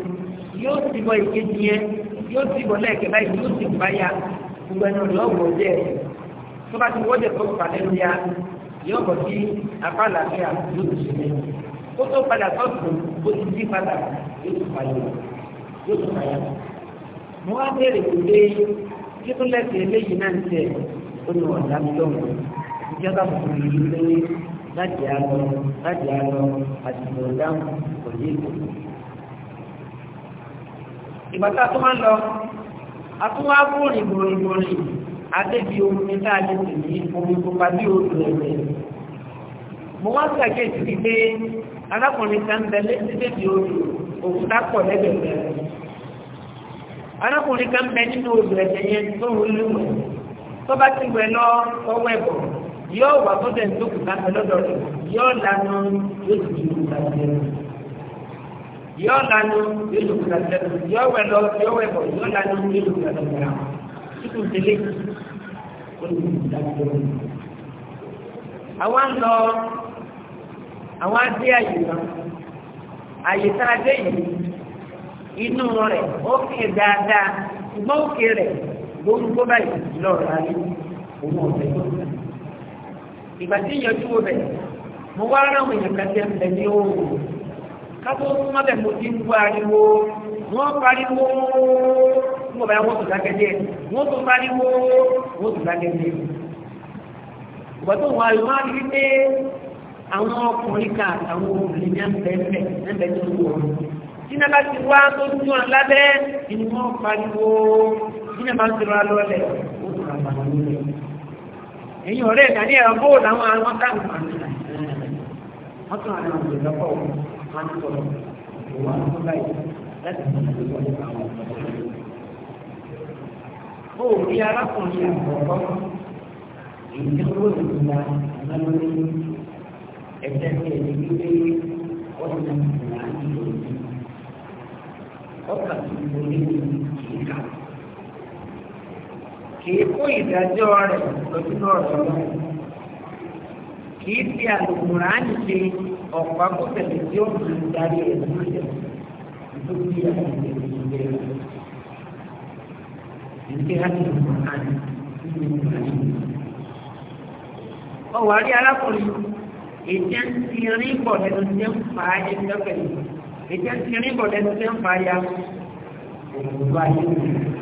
yóò ti bọ ìkejì yẹn yóò ti bọ lẹ́ẹ̀kẹ́ báyìí yóò ti bá ya gbogbo ẹni ọ̀dọ́ ọ̀gbọ̀n jẹ́ tó bá ti wọ́jẹ̀ tó pàdé ní ya yóò bọ̀ sí apá àlàáfíà yóò ti ṣe lẹ́yìn ó tó padà sọ́ọ̀tún ó ti dí padà yóò ti pàdé yóò ti pàdé. mo wá bẹ̀rẹ̀ pé kí tó lẹ́sẹ̀ eléyìí náà ń tẹ̀ ó ní ọ̀dà mi lọ́wọ́ ìjọba kò fi yí pé láti àlọ láti àlọ àsìkò dáhùn kò yé ètò. ìgbà tá a tún máa ń lọ a tún wá bóòrìn bòrìbòrìn adébí omi tá a lè pè ní omi pupa bí odò ẹ̀rẹ̀. mo wá ṣàkíyèsí wípé arákùnrin kan ń bẹ létí débi odò òkúta pọ̀ lẹ́gbẹ̀ẹ́ rẹ̀ arákùnrin kan bẹ nínú odò ẹ̀jẹ̀ yẹn tó ń lù wẹ̀ tó bá ti wẹ̀ lọ ọwọ́ ẹ̀bọ̀ yóò wà tọ́jà tó kù ká lọ́dọ̀ rẹ̀ yóò lanu yóò sì ju kù láti lẹ́nu yóò lanu yóò ju kù láti lẹ́nu yóò wẹ̀ lọ yóò wẹ̀ bọ̀ yóò lanu yóò ju kù láti lẹ́nu títù délé ó lè ju kù láti lẹ́nu. àwọn lọ àwọn adé àyè kan àyè tá a dé yìí inú rẹ̀ ó kè dáadáa ṣùgbọ́n ó kè rẹ̀ báyìí lọ́ọ̀rọ̀ ayé òun ọ̀sẹ̀ tó ìgbà tí èèyàn dúró bẹ̀ mo wá ara àwọn èèyàn kan tẹ́ ń bẹ̀ ní oòrùn kátó má bẹ̀ mo ti ń wá ariwo wọ́n pariwo mo bá wọ́n tó dákẹ́ díẹ̀ wọ́n tó pariwo wọ́n tó dákẹ́ díẹ̀ ìgbà tó wà lọ́wọ́ àti wípé àwọn ọkùnrin kan àtàwọn obìnrin ní ẹ̀ńbẹ̀ẹ́ńbẹ̀ ẹ̀ńbẹ̀ tó wọ̀ ọ́ tíná bá ti wá tó ń dún lábẹ́ ìnumọ̀ pariwo tíná bá ń tẹ̀rọ alọ́lẹ̀ ó tó kà pàdánù rẹ̀ ẹ̀yìn ọ̀rẹ́ ìdàdí ẹ̀rọ bóòlù àwọn àwọn dáhùn wọ́n tún àwọn ọ̀gbìn lọ́pọ̀ wọn ti sọ̀rọ̀ ìwà àwọn báyìí láti fi ìdókòwò nípa àwọn ọ̀gbìn. ó rí arákùnrin àkọ́kọ́ èyí tí ó lòdì nípa ìmọ̀lódé ẹ̀jẹ̀ tí ẹ̀jẹ̀ gbígbé ọ̀gbìn náà ti lòdì. ọkà tó ń bolé ní ìka kìí kó ìdájọ́ rẹ̀ lójúlọ ọ̀rọ̀ lọ kìí fi àlùkùnrin àyè ṣe ọ̀pá kọ́tẹ̀lẹ̀ tí ó fi darí rẹ̀ lójúlẹ̀ tó fi àyè ìgbẹ́ rẹ̀ ìgbẹ́ àlùkùnrin àyè nínú àyè. ọ̀wọ́ àrí arákùnrin ìjẹ́ ń ti rí bọ̀ lẹ́nu tí ń fa ayé lọ́kẹ̀lẹ̀ ìjẹ́ ń ti rí bọ̀ lẹ́nu tí ń fa ya òkú báyé nìyẹn.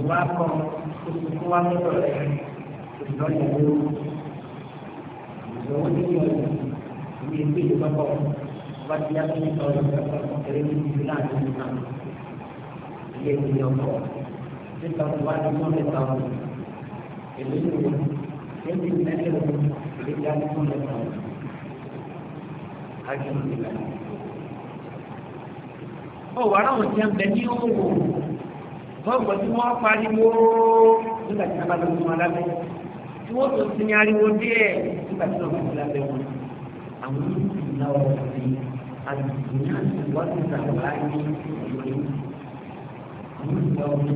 ìwà kan oṣù tó wá lọ́dọ̀ rẹ̀ ìjọ ìyàwó ìjọwọ́ ní ìyàwó ní ìgbé ìjọpọ̀ wá ti yàtọ̀ ní ọ̀rọ̀ ìjọpọ̀ kẹrẹ ní ìlú láàrin nípa ilé ìwé ọkọ̀ nípa wá ní mọ́lẹ̀ táwọn èlé ìwé èlé ìwé mẹ́lẹ̀ wọn èlé ìwé ní mọ́lẹ̀ táwọn ágbẹ̀mọ̀ ìlànà. ọ̀wọ́ aráwọ̀ tí a ń bẹ ní òwò wọ́n gbọ́ tí wọ́n pariwo nígbà tí wọ́n bá lọ́wọ́ wọn lábẹ́ tí wọ́n tún sinmi ariwo díẹ̀ nígbà tí wọ́n bá lọ́wọ́ lábẹ́ wọn. àwọn olùkọ́ ìnáwó ọ̀sẹ̀ àdùnnú náà ti wá sí ìsàlọ̀ láàyè ìlú àwọn olùkọ́ ọ̀sẹ̀ àdùnnú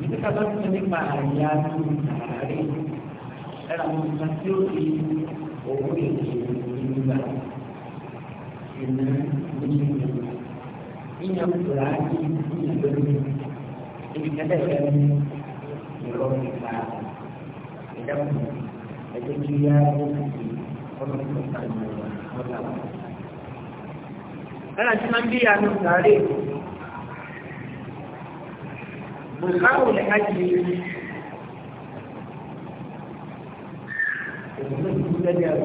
ìlú ká bá tún nípa àyà tó ń sàárẹ̀ ẹ̀rọ àwọn ọmọ tí ó fi owó èdè ìlú gbà ìlú yíyan fura yìí yìí lónìí ibi kẹlẹ fẹ ní ìrọ nípa ìdáhùn ẹjẹ kí yá lóṣù tí ọmọ ìlú kan ní ọjà wọn. lọ́nà tí máa ń bí àánú sàárè bùkáwò lè ká jì í. Ìgbésí ìgbésí ẹ̀rọ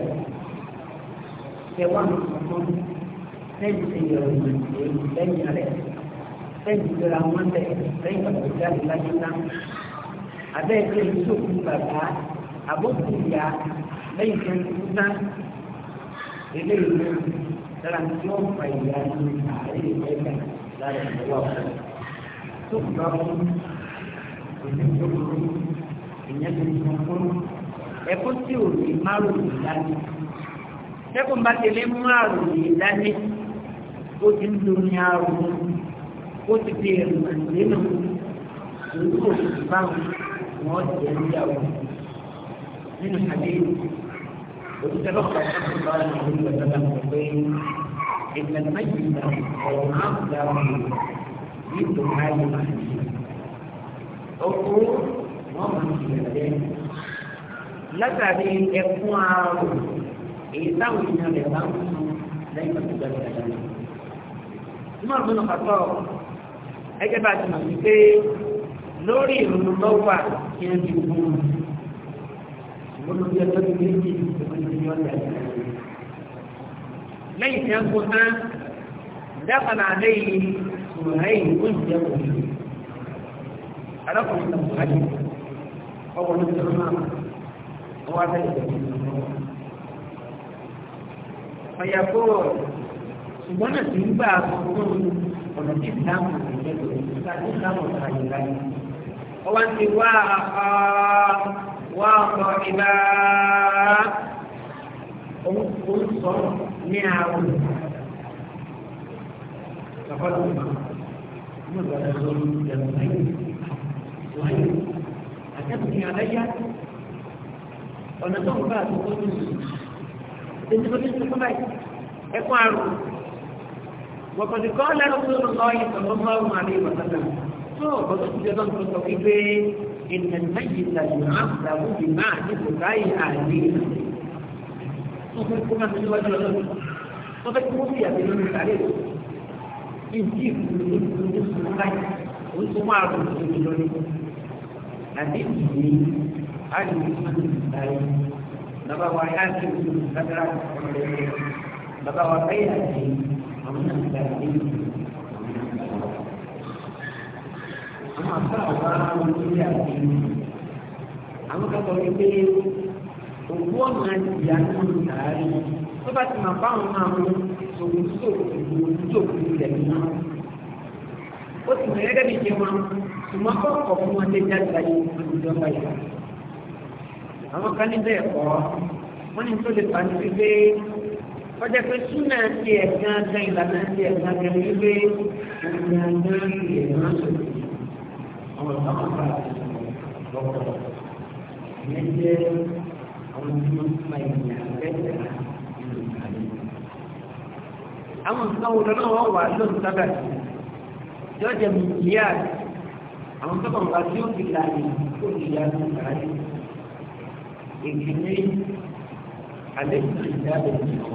ṣe wà ní ọ̀sán lẹ́yìn tí ìyẹ̀wò ìgbìyànjú lẹ́yìn rẹ̀ lẹ́yìn ìjọra wọn bẹ̀ lẹ́yìn ìgbàgbọ́ jáde lájú náà abẹ́ ẹgbẹ́ ìlú tó kú bàbá àbókù ìyá lẹ́yìn tó kú náà eléyìí lára tí ó fa ìyá ní àárẹ̀ ìgbẹ́gbẹ́ lára ìgbẹ́wà ọ̀hún tó kú bá wọn kò ní tó kú ìyẹn tó kú fún ẹkọ tí ò ní márùn-ún ìdání ẹkọ ń bá tẹlẹ márùn-ún ìdání ó ti ń lomi àrùn ó ti fi ẹ̀rù àìlénà òun kò sì báwọn wọn jẹ́ níyàwó nínú àdéhùn òtítọ́ lọ́kọ̀ọ́ sọ́kùn bá wọn lórí ọ̀dọ́dà pọ̀ pé ìgbàlẹ̀ méjì ìgbà ọ̀rọ̀ máa ń gba wọn ní ìtòkà yìí máa ń ṣe. ọkọ wọn máa ń ṣe ìgbàlẹ̀ látàrí ẹkún àrùn èyí táwọn èèyàn rẹ̀ bá ń fún lẹ́yìn ìgbàlẹ̀ àdáyé. Umar bin Khattab ẹgẹ́ bá ti mọ̀ wípé lórí ìrùnú lọ́wọ́ kí ẹ ti gbọ́n olùdíje tó ti méjì ìpínlẹ̀ ọ̀dà lẹ́yìn tí a ń kó tán dákàlà àléyìn sùnrẹ́yìn ó ń jẹ́ òun arákùnrin tó kọ́ ayé ọkùnrin tó náà ọwọ́ abẹ́rẹ́ ìgbà tó ń kúrò ṣùgbọ́n náà ti ń gbà fún ọ̀nà tí ìdáhùn ìjẹ́bù láti dáhùn àyè láyé. ọwọ́ ti wá àpá wá ọ̀pọ̀ ìbá òun sọ ní àwọn ìṣàkọ́lù ní ìgbàlẹ̀ lórí ìjẹun láyé wáyé àtẹ́kùn ní aláyá ọ̀nà tó ń bá àtúntò ní ìlú. Èdè tó ti ń sọ báyìí ẹ̀kọ́ àrùn. وقد قال رسول الله صلى الله عليه وسلم فقد جزم التوحيد إن الميت يعذب بما يبقي أهليه وقد كما في الوجه وقد كوفي في الوجه عليه إن كيف يجب أن وانتم معرفة المسلمين أدبني أن يكون بابا وحاسب بابا وحاسب بابا وحاسب àwọn náà gba èyí àwọn àbá àwa onílé àti àwọn kan sọ wípé òkú ọ̀nà ìyá náà ń sàárè tó bá ti máa bá àwọn máa mú òkú tó òkú tó òkú rẹ̀ náà ó sì mọ̀ gẹ́gẹ́ bí jẹun ṣùgbọ́n kọ́kọ́ fún wọn lé jáde láyé àwùjọ báyìí àwọn kan níbẹ̀ kọ́ wọ́n ní tó lè fà ní pípé ọjọ́ pé súnà ti ẹ̀ gángan ìlànà ti ẹ̀ gángan ní pé gángan ti ẹ̀ máa ń sọ̀rọ̀ àwọn ìtàkùn bá lọ́kọ̀ ìyẹn jẹ́ àwọn tí wọ́n fa ìyà bẹ́ẹ̀ àwọn nǹkan wo lọ́nà wọn wà lóòótọ́ sábà yóò jẹ mùsùlùmíà àwọn tó kàn wá tí ó fi lànà kó ìyá tó kàá yìí èkìní àlejò ìdá àlejò ìwọ.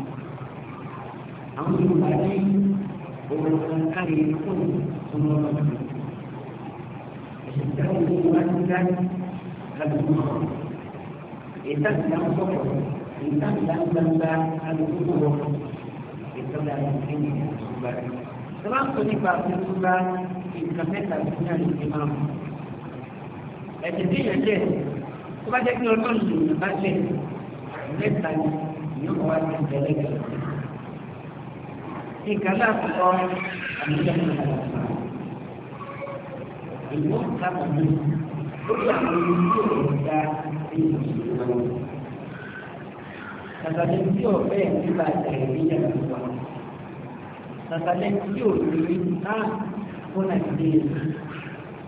àwọn tó wà ní òun kan kárí fún ọmọ ọmọ rẹ ẹsẹ tí àwọn tó wà ní dání kálukú náà ìtàkì náà sọ̀rọ̀ ìtàkì náà gbangba kálukú náà wọ̀ ìtàkì náà kéwì ìtàkì náà sọlá ń sọ nípa àfẹnusọlá nǹkan mẹ́ta tí náà lè fi máa mú ẹsẹ tí yẹn jẹ tó bá jẹ kí ọlọ́run lè bá jẹ mẹ́ta ni yóò wá ní ìtẹlẹgẹ nǹkan náà kò kọ́ àmìjọ ìlú kápá mi ó yà wọ́n ní tí ò dá èyí lọ. Tàtàlẹ́ tí ò bẹ́ẹ̀ nígbà tẹ̀lé níjà lọ́wọ́. Tàtàlẹ́ tí ò lórí á fún àìsí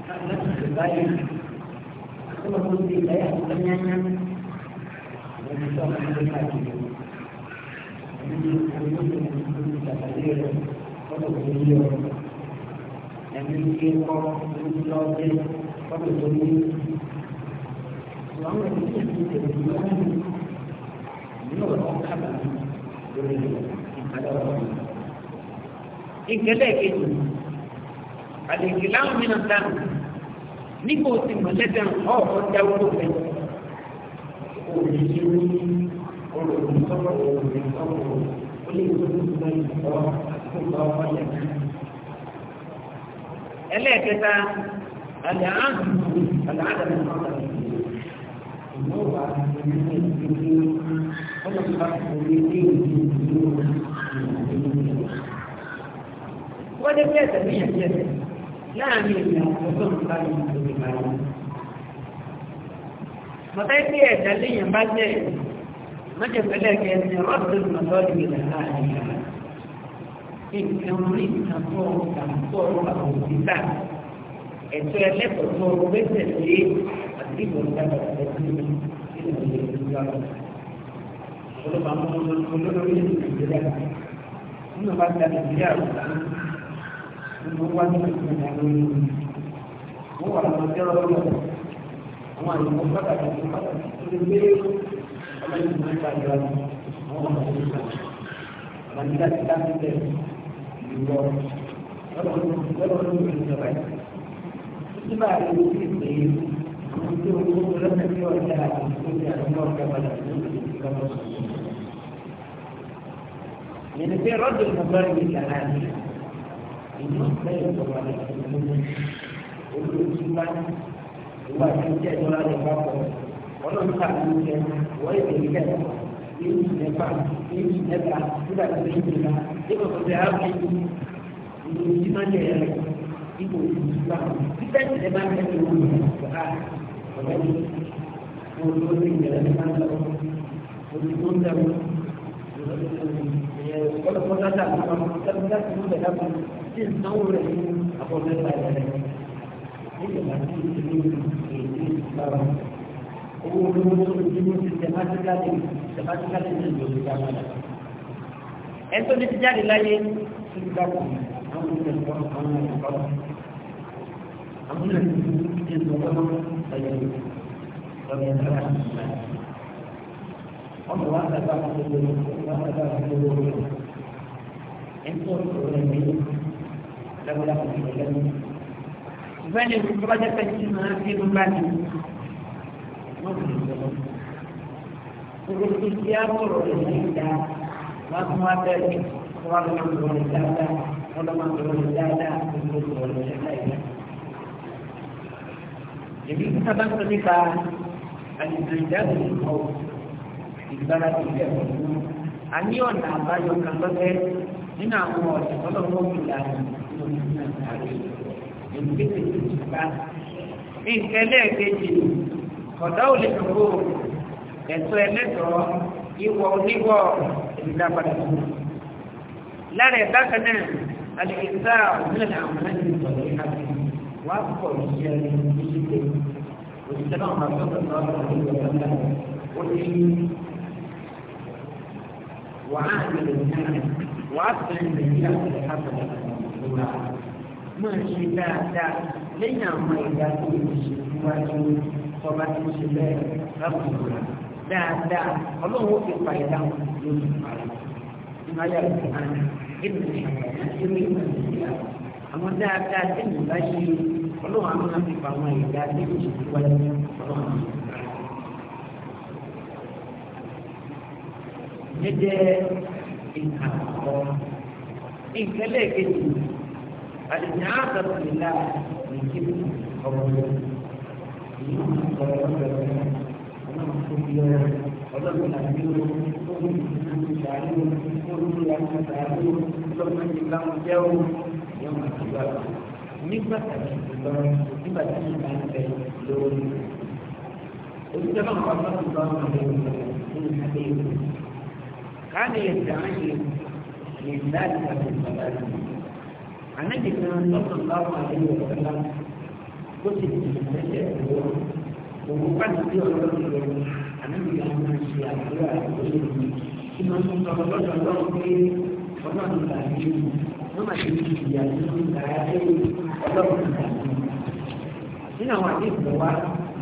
láti lè báyìí. Àtúntò tó ti ìdáyà tó yányá. Mo ti sọ fún mi káàkiri níbi oníṣẹ́ ìlú ìṣàlàyé rẹ̀ lọ́dọ̀ tó ní yọ ẹ̀mí ké kọ́ lórí lọ́dẹ lọ́dọ̀ tó ní. Àwọn ìdílé ti tẹ̀lé lọ́wọ́ ní ọ̀rọ̀ kábà lórí ìkàdé ọ̀rọ̀ mi. Ìkẹ́lẹ̀ kejì, àdèkè láwọn mìíràn dánù nígbà òsì mọ̀lẹ́dẹ̀ ọ̀ọ́ ọ̀dá wọ́pẹ́ òní ní ẹlẹ́ẹ̀kẹta àdáhàdà àdáhàdà ní ọ̀pọ̀ ìwọ̀nba ìwọ̀nba ìwọ̀nba ọlọ́pàá òní ní ìlú wọ́n dé bí ẹ̀sẹ̀ ní ẹ̀sẹ̀ láàrin ìlú ọ̀pọ̀ ìgbà ìlú ìgbà yìí mọ̀tẹ́ sí ẹ̀dá léèyàn bá jẹ́ ẹ̀sẹ̀ mọ́jẹ̀fẹ́lẹ́ kẹ́ẹ̀sì rọ́dùn mọ́lọ́dún ilẹ̀ láàrin nǹkan orí nǹkan tó ọ̀rọ̀ kàǹtó ọ̀rọ̀ àwọn òbíta ẹ̀tọ́ ẹlẹ́kọ̀ọ́ tó ọ̀rọ̀ gbẹ́sẹ̀ lé àti ìgbòǹda bàtà tó ní nínú ilé ìlú àwọn olùbàmọ́ olórí nàìjíríà nínú bá ta nàìjíríà rúbà nínú wá ní ìgbìmọ̀ àwọn olórí wọ́n ọlọ́run máa ń gbà yọ àwọn ọmọ ọdún kan àbájú láti dá sílẹ̀ ìwọ ọlọ́run ọlọ́run ló ń jọba yìí. nígbà tí o ti pè é àwọn tí o kó lọ́sẹ̀ tí ọjà àti àwọn ọ̀gá padà ló ń gbà lọ sọ̀rọ̀. yẹnni pé rọ́dùn ìmọ̀gbọ́n mi kà náà ní ìlú lẹ́yìn ìjọba rẹ̀ ló ń mú olùdókòwò wá ìwà tó jẹ́ ìjọba rẹ̀ bá pọ̀ ọlọ́run ló ń jẹ wọ́n èdè ilẹ̀ èyí mẹ́fà èyí mẹ́ta nígbà tó ń jẹ náà ébò tó ti hàn kí ìlú yìí máa ń jẹ rẹ ìbò ìlú wa títẹ́ ìlẹ̀ máa ń jẹ ìlú wa ọ̀gá ọ̀gá ni mo ló ní ìjẹ̀lẹ̀ ní máa ń lọ olùkó ń dẹ̀wọ̀ ọlọ́pàá dáadáa ló máa ń tẹ́lẹ̀ láti mú bẹ̀rẹ̀ fún tí ìsanwó rẹ̀ ní àbọ̀mẹ́ta ìrẹ̀lẹ̀ nígbà tí ìlú èdè ìlú owó olówó tó ti mú systematically systematically ní ìlú ìjà padà. ẹni tó ní ti jáde láyé tó ti bá kùn àwọn olùkọ́ àwọn olùkọ́ àwọn olùkọ́ ti ń sọ fún ọyọ lọ́dọ̀ ẹ̀ka àtúntà. ọmọ wa sábà ń gbogbo wa sábà ń gbogbo ẹni tó ń sọ̀rọ̀ ẹ̀mí lọ́wọ́lọ́wọ́ ìgbẹ́lẹ́mí. ìgbẹ́ni ìgbọ́jọ́ pẹ̀lú ìmọ̀ àti ìmúgbàdì. Ibi tí tí a bọ̀rọ̀ lè ní ìdá, wọ́n tún wá bẹ̀rẹ̀, wọ́n lọ máa bọ̀rọ̀ lè dáadáa, wọ́n lọ máa bọ̀rọ̀ lè dáadáa, wọ́n lọ bọ̀rọ̀ lè dáadáa. Èmi tí sábà sọ nípa àlejò ìdáàbò ìkọ̀ ìgbára ìlẹ̀ ọ̀dún. A ní ọ̀nà àbáyọ kan lọ́fẹ́ nínú àwọn ọ̀sẹ̀ tọ́lọ́wọ́ ìlànà ìlú ìlú náà. Èmi tí kò ọ̀dọ́ ò lè dúró ẹ̀tọ́ ẹlẹ́tọ̀ọ́ ìwọ oníwọ̀ ìdápadà tó. lára ẹ̀dá kan náà àlèkìtà òmìnira àwọn ẹni ìtọ́jú àti wàá pọ̀ ṣe dáadáa lẹ́yìn àwọn ìdá tó ń tọ́ba ti ṣe bẹ́ẹ̀ lákòókò rẹ̀ dáadáa ọlọ́run ó fi pààyà dáhùn lórí ìpààyà ìmáyà ìpààyà ìbùdó ìṣẹ̀lẹ̀ ìṣẹ̀lẹ̀ àwọn dáadáa tí mo bá ṣe ọlọ́run àwọn máa fi pàwọn ìdá tí mo ṣe ti wáyé ọlọ́run àwọn ìpààyà. ìka ọ̀ ìkẹlẹ̀ kejì àdìsí àtàkùn ìlà ìjì ọ̀rọ̀ nígbà tí ìgbà nígbà tí ìgbà ń bẹ lórí òṣìṣẹ́ náà wà lọ́sùn tó ń bẹ lórí ìgbà èèyàn káàdì ẹ̀sẹ̀ àáyè lè dá ìgbà tó ń bẹ lórí ànájì kan lọ́sùn láwọn àdéhùn ọ̀gá láti bó ti di ìgbésẹ̀ ìwọ òwò pàtó bí ọ̀rọ̀ ti rẹ̀ àmì ìyá máa ṣe àdúrà lórí mi tí máa ń sọ ọlọ́dọ̀ lọ́wọ́ pé ọlọ́run gbà mí wọ́n máa ti di ìyá tó ń gbà á lé ọlọ́run gbà mí. nínú àwọn àdéhùn wa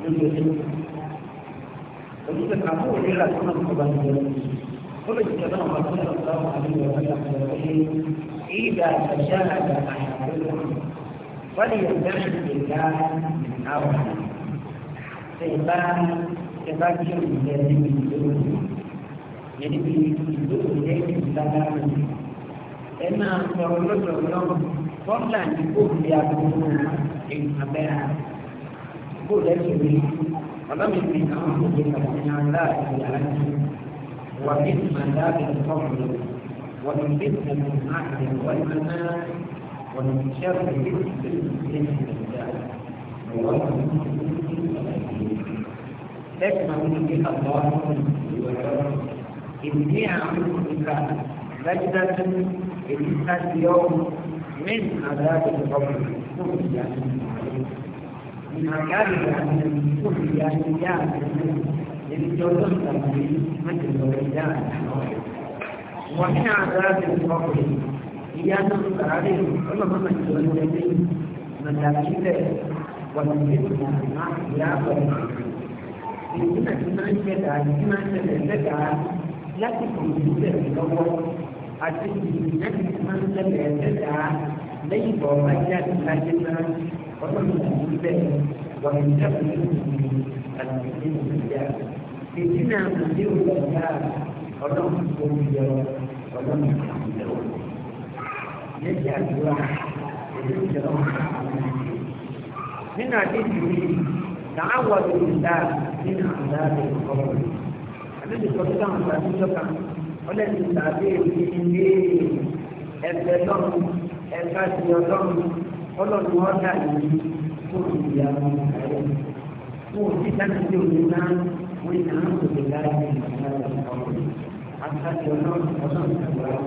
lórí ẹni òṣìṣẹ́ kàbó òrìlà tó máa ń kọ́ bá ń bẹ̀rẹ̀ olùdíje náà wà lọ́wọ́ àwọn àdéhùn wa lọ́wọ́ àdéhùn wa lọ́wọ́ وليستعد بالله من أول سيبان تبكر الذي من دونه يدبي ìdókòwò lẹ́yìn ìdára rẹ̀ ẹ máa sọ̀rọ̀ lọ́dọọdọ́ fọ́nlá ní kóòdì àbúrò èèyàn bẹ́ẹ̀ kóòdì ẹ̀sùn mi ọlọ́mìnì àwọn òṣèlú àtìyàn aláàbò aláàbò wà ní ìmọ̀ aláàbò tọ́kùnrin máa náà. ومن شر ذكر الانسان لكن من جهة الله إني أعوذ بك بجدة اليوم من عذاب القبر كل من عذاب الجهنم كل جهنم للجوز التنبيه مثل الرجال ومن عذاب القبر ìyáná sàárè ọlọ́mọdé ìjọba ẹgbẹ́ mọ̀tàkìlẹ̀ wàlúùdìbò máa yá ọ̀rọ̀ èyí náà ti máa ń ṣẹ̀dá ti máa ń ṣẹlẹ̀ ṣẹ̀dá láti kò ní bẹ̀rẹ̀ lọ́wọ́ àti ìyí náà ti máa ń ṣẹlẹ̀ ṣẹ̀dá lẹ́yìn bọ̀ ọ̀gá ìyá àti ìlàjẹ̀ náà ọlọ́mọdé ìjọba wàlúùdìbò àlùfíìmù ìjà èyí náà ti dé òkúta ọlọ́mọdé ìjọba ọlọ́mọdé ìjọba lẹ́yìn àdúrà èdè ìjọba nínú àdéhùn yìí tààwọ̀ lórí dáa nínú àdá rẹ̀ ọ̀rọ̀ rẹ̀ àdéhùn sọ fún àwọn àgbà níjọ kan ọlẹ́sìn tàbí èyí ní ẹgbẹ́ lọ́rùn ẹ̀ka ti ọlọ́run ọlọ́run ọ̀dà yìí fún ìyá ọ̀rẹ́ fún òṣìṣẹ́ tí ò ní náà wọ́n ní àwọn òṣèlú láti ìgbà náà lọ́wọ́ àti ọlọ́run ọlọ́run ọ̀dà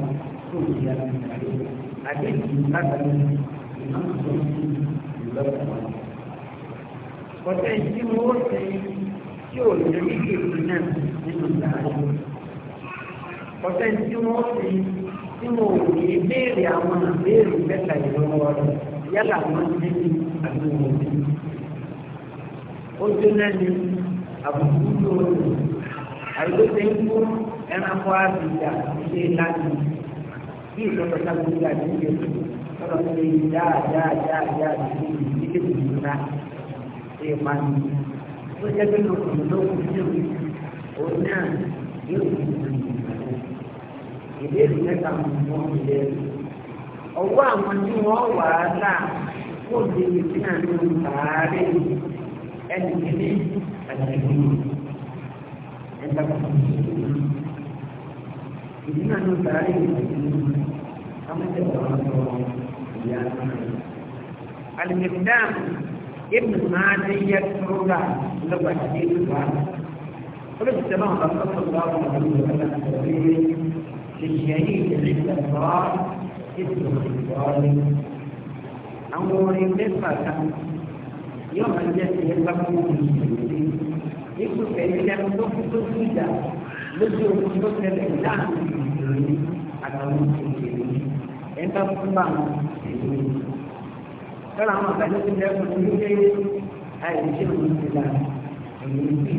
fún ìyá ọ̀rẹ́ àti ìgbàgbọ́ ìlọ́pàá. ọ̀tẹ̀ tí mo ó ṣe tí ò lè ní kéèké náà nínú ìdájọ́. ọ̀tẹ̀ tí mo ó ṣe tí mo ò ní béèrè àwọn àbẹ́rẹ́ mẹ́ta ìlọ́wọ́ rẹ̀ yálà wọ́n ti ní àbí wọn ti. ó jóná ní àbùkù lóòrùn àìlóṣe ń kú ẹranko àbíjà ṣe láti bí ìjọba ìjọba ìjọba ìjọba ìjọba lọ́dọ̀ tó lè yá yá yá yá ìdílé ìdílé náà ṣe é máa ń yí. tó jẹ́ pé lókun lókun ní òwe òun náà yóò fi ìdílé ìdílé ìbéèrè mẹ́ta mọ̀ ní ìlérí. ọwọ́ àwọn tí wọ́n wà á là kó lè ní sí àná ìbáàrẹ́ ẹni kìíní àti ìdílé ẹ̀ka kọ̀ọ̀kan. ìdílé àná ìbáàrẹ́ ìbáàrẹ́ المقدام ابن مادي يكفرنا لو أحديث واحد قلت السلام صلى الله عليه وسلم في الشهيد عند الصلاة اسمه الظالم أمر نفسه يوم الجسد يلقى يكتب إلى مدة لجوء مدة الإعلام àtàwọn ìṣèlú ẹ̀ńtà fún àwọn ìṣèlú. lọ́la àwọn àgbàdo ti lẹ́kùn ní ilé àìsí òun ti là èyí tí